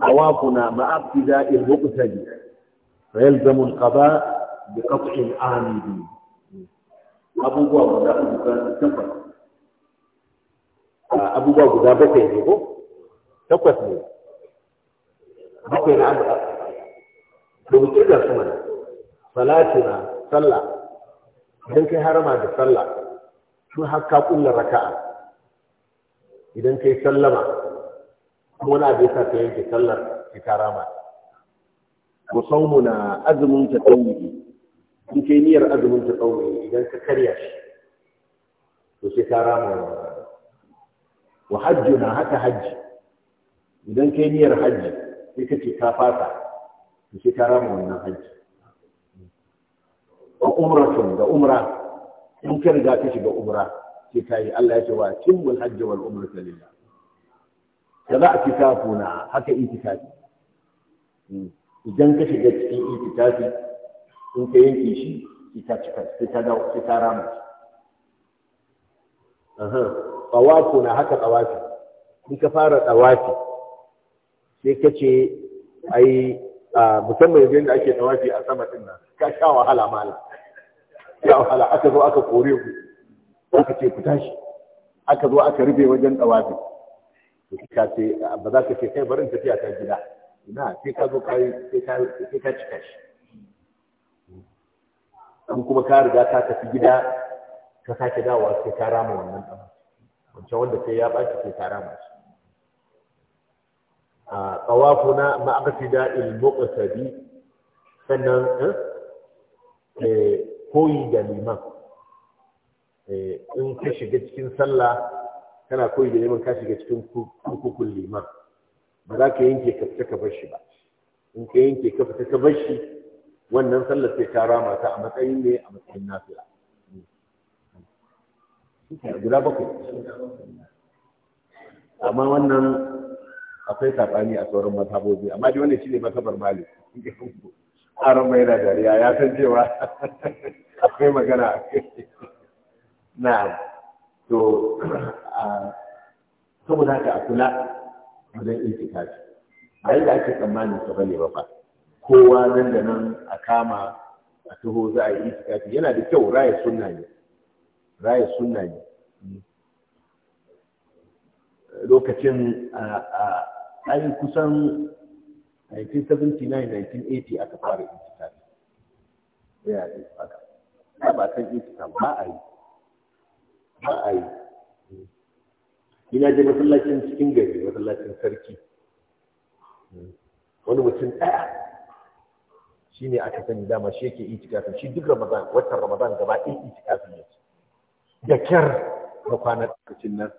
طوافنا مع ابتداء المقتدي فيلزم القضاء بقطع العامد abubuwa guda takwas abubuwa guda bakwai ne ko takwas ne bakwai na abu da mu kirga su mana na, sallah idan kai harama da sallah tun har ka kulla raka'a idan kai sallama wani abu yasa ta yanke sallar ki karama ku saumu na azumin ta tsawuri in kai niyyar azumin ta tsawuri idan ka karya shi to sai ka rama wa hajju na haka hajji idan kai niyyar hajji sai ka ce ka fata to sai ka rama wannan hajji wa umratun da umra in ka riga ka shiga umra sai ka yi Allah ya ce wa timmul hajji wal umrata lillah da za a ci kafu na haka itikafi hmm. idan ka shiga cikin itikafi in ka yanke shi ita cika sai ta dawo sai ta rama tsawafu na haka tsawafi in ka fara tsawafi sai ka ce ai musamman yanzu da ake tsawafi a sama din nan ka sha wahala mala ya wahala aka zo aka kore ku aka ce ku tashi aka zo aka rufe wajen tsawafi to ka ce ba za ka ce kai barin tafiya ta gida ina sai ka zo kai sai ka sai cika shi in kuma ka riga ka tafi gida ka sake dawowa sai ka rama wannan ɗan wancan wanda sai ya baki sai ka rama shi a tsawafuna ma'aqtida al-muqtadi sannan eh, eh, koyi da liman eh, in ka shiga cikin sallah kana koyi da neman ka shiga cikin kukukun liman ba za ka yanke ka fita ka bar shi ba in ka yanke ka fita ka bar shi wannan sallar sai ta rama ta a matsayin ne a matsayin nafila guda bakwai amma wannan akwai saɓani a sauran mazhabobi amma dai wannan shine mazhabar malik aron mai na dariya ya san cewa akwai magana a kai na'am to saboda haka a kula wajen itikafi a yadda ake tsammanin su bane ba fa kowa nan da nan a kama a taho za a yi itikafi yana da kyau raya sunna ne raya sunna ne lokacin an kusan 1979-1980 aka fara itikafi ya yi aka ba san itikafi ba a yi ba a yi ina je masallacin cikin gari masallacin sarki wani mutum ɗaya shi ne aka sani dama shi yake itikafin shi duk ramadan watan ramadan gaba ɗaya itikafin ya ce da kyar na kwanar cikin nan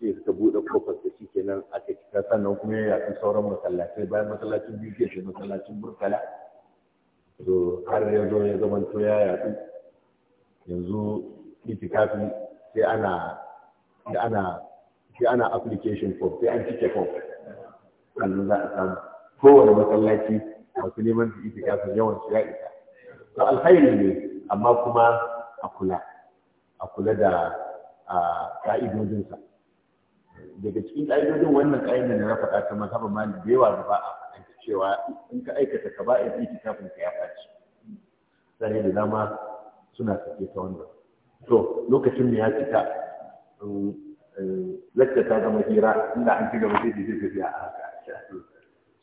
sai suka buɗe kofar da shi kenan aka cika sannan kuma ya yafi sauran masallacin, bayan masallacin biyu ke masallacin burkala to har ya zo ya zama to ya yafi yanzu itikafi sai ana sai ana sai ana application form sai an cike form sannan za a samu kowane masallaci masu neman su ita kasa yawan su ya isa to alkhairi ne amma kuma a kula a kula da ka'idodinsa daga cikin ka'idodin wannan ka'idar da na faɗa ta mazhabar mali da yawa da ba a fahimta cewa in ka aikata ka ba a yi ka ya faci sai da dama suna sake ta wannan to lokacin ne ya cika lakta ta zama hira inda an ci gaba sai da tafiya a haka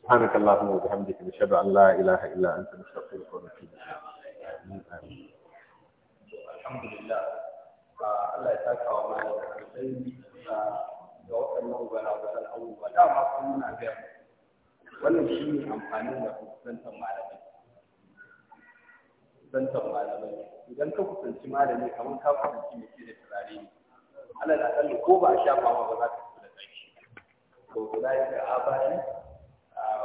سبحانك اللهم وبحمدك نشهد ان لا اله الا انت نستغفرك ونتوب اليك الحمد لله الله يسعدك ومالك da waɗannan gwalagwalar abubuwa dama sun muna gaya wannan shi ne amfanin da kusantar malamai kusantar malamai idan ka kusanci malami kamar ka kusanci mai da turare ne ala da kalli ko ba a shafa ma ba za ka fi da ƙarshe to kula da abayi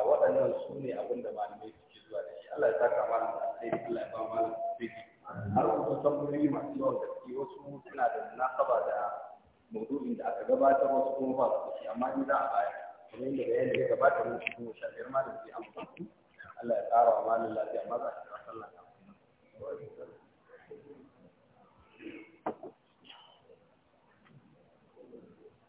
waɗannan su ne abin da malamai suke zuwa da shi Allah ya saka malam da alheri Allah ya ba malam fiki har wasu tambayoyi masu yawan gaske wasu suna da nasaba da maudu'in da aka gabatar wasu kuma ba su shi amma in za a baya kamar yadda bayan da ya gabata mun shi kuma sha biyar malam zai amfani Allah ya ƙara wa malam lafiya maza a cikin sallah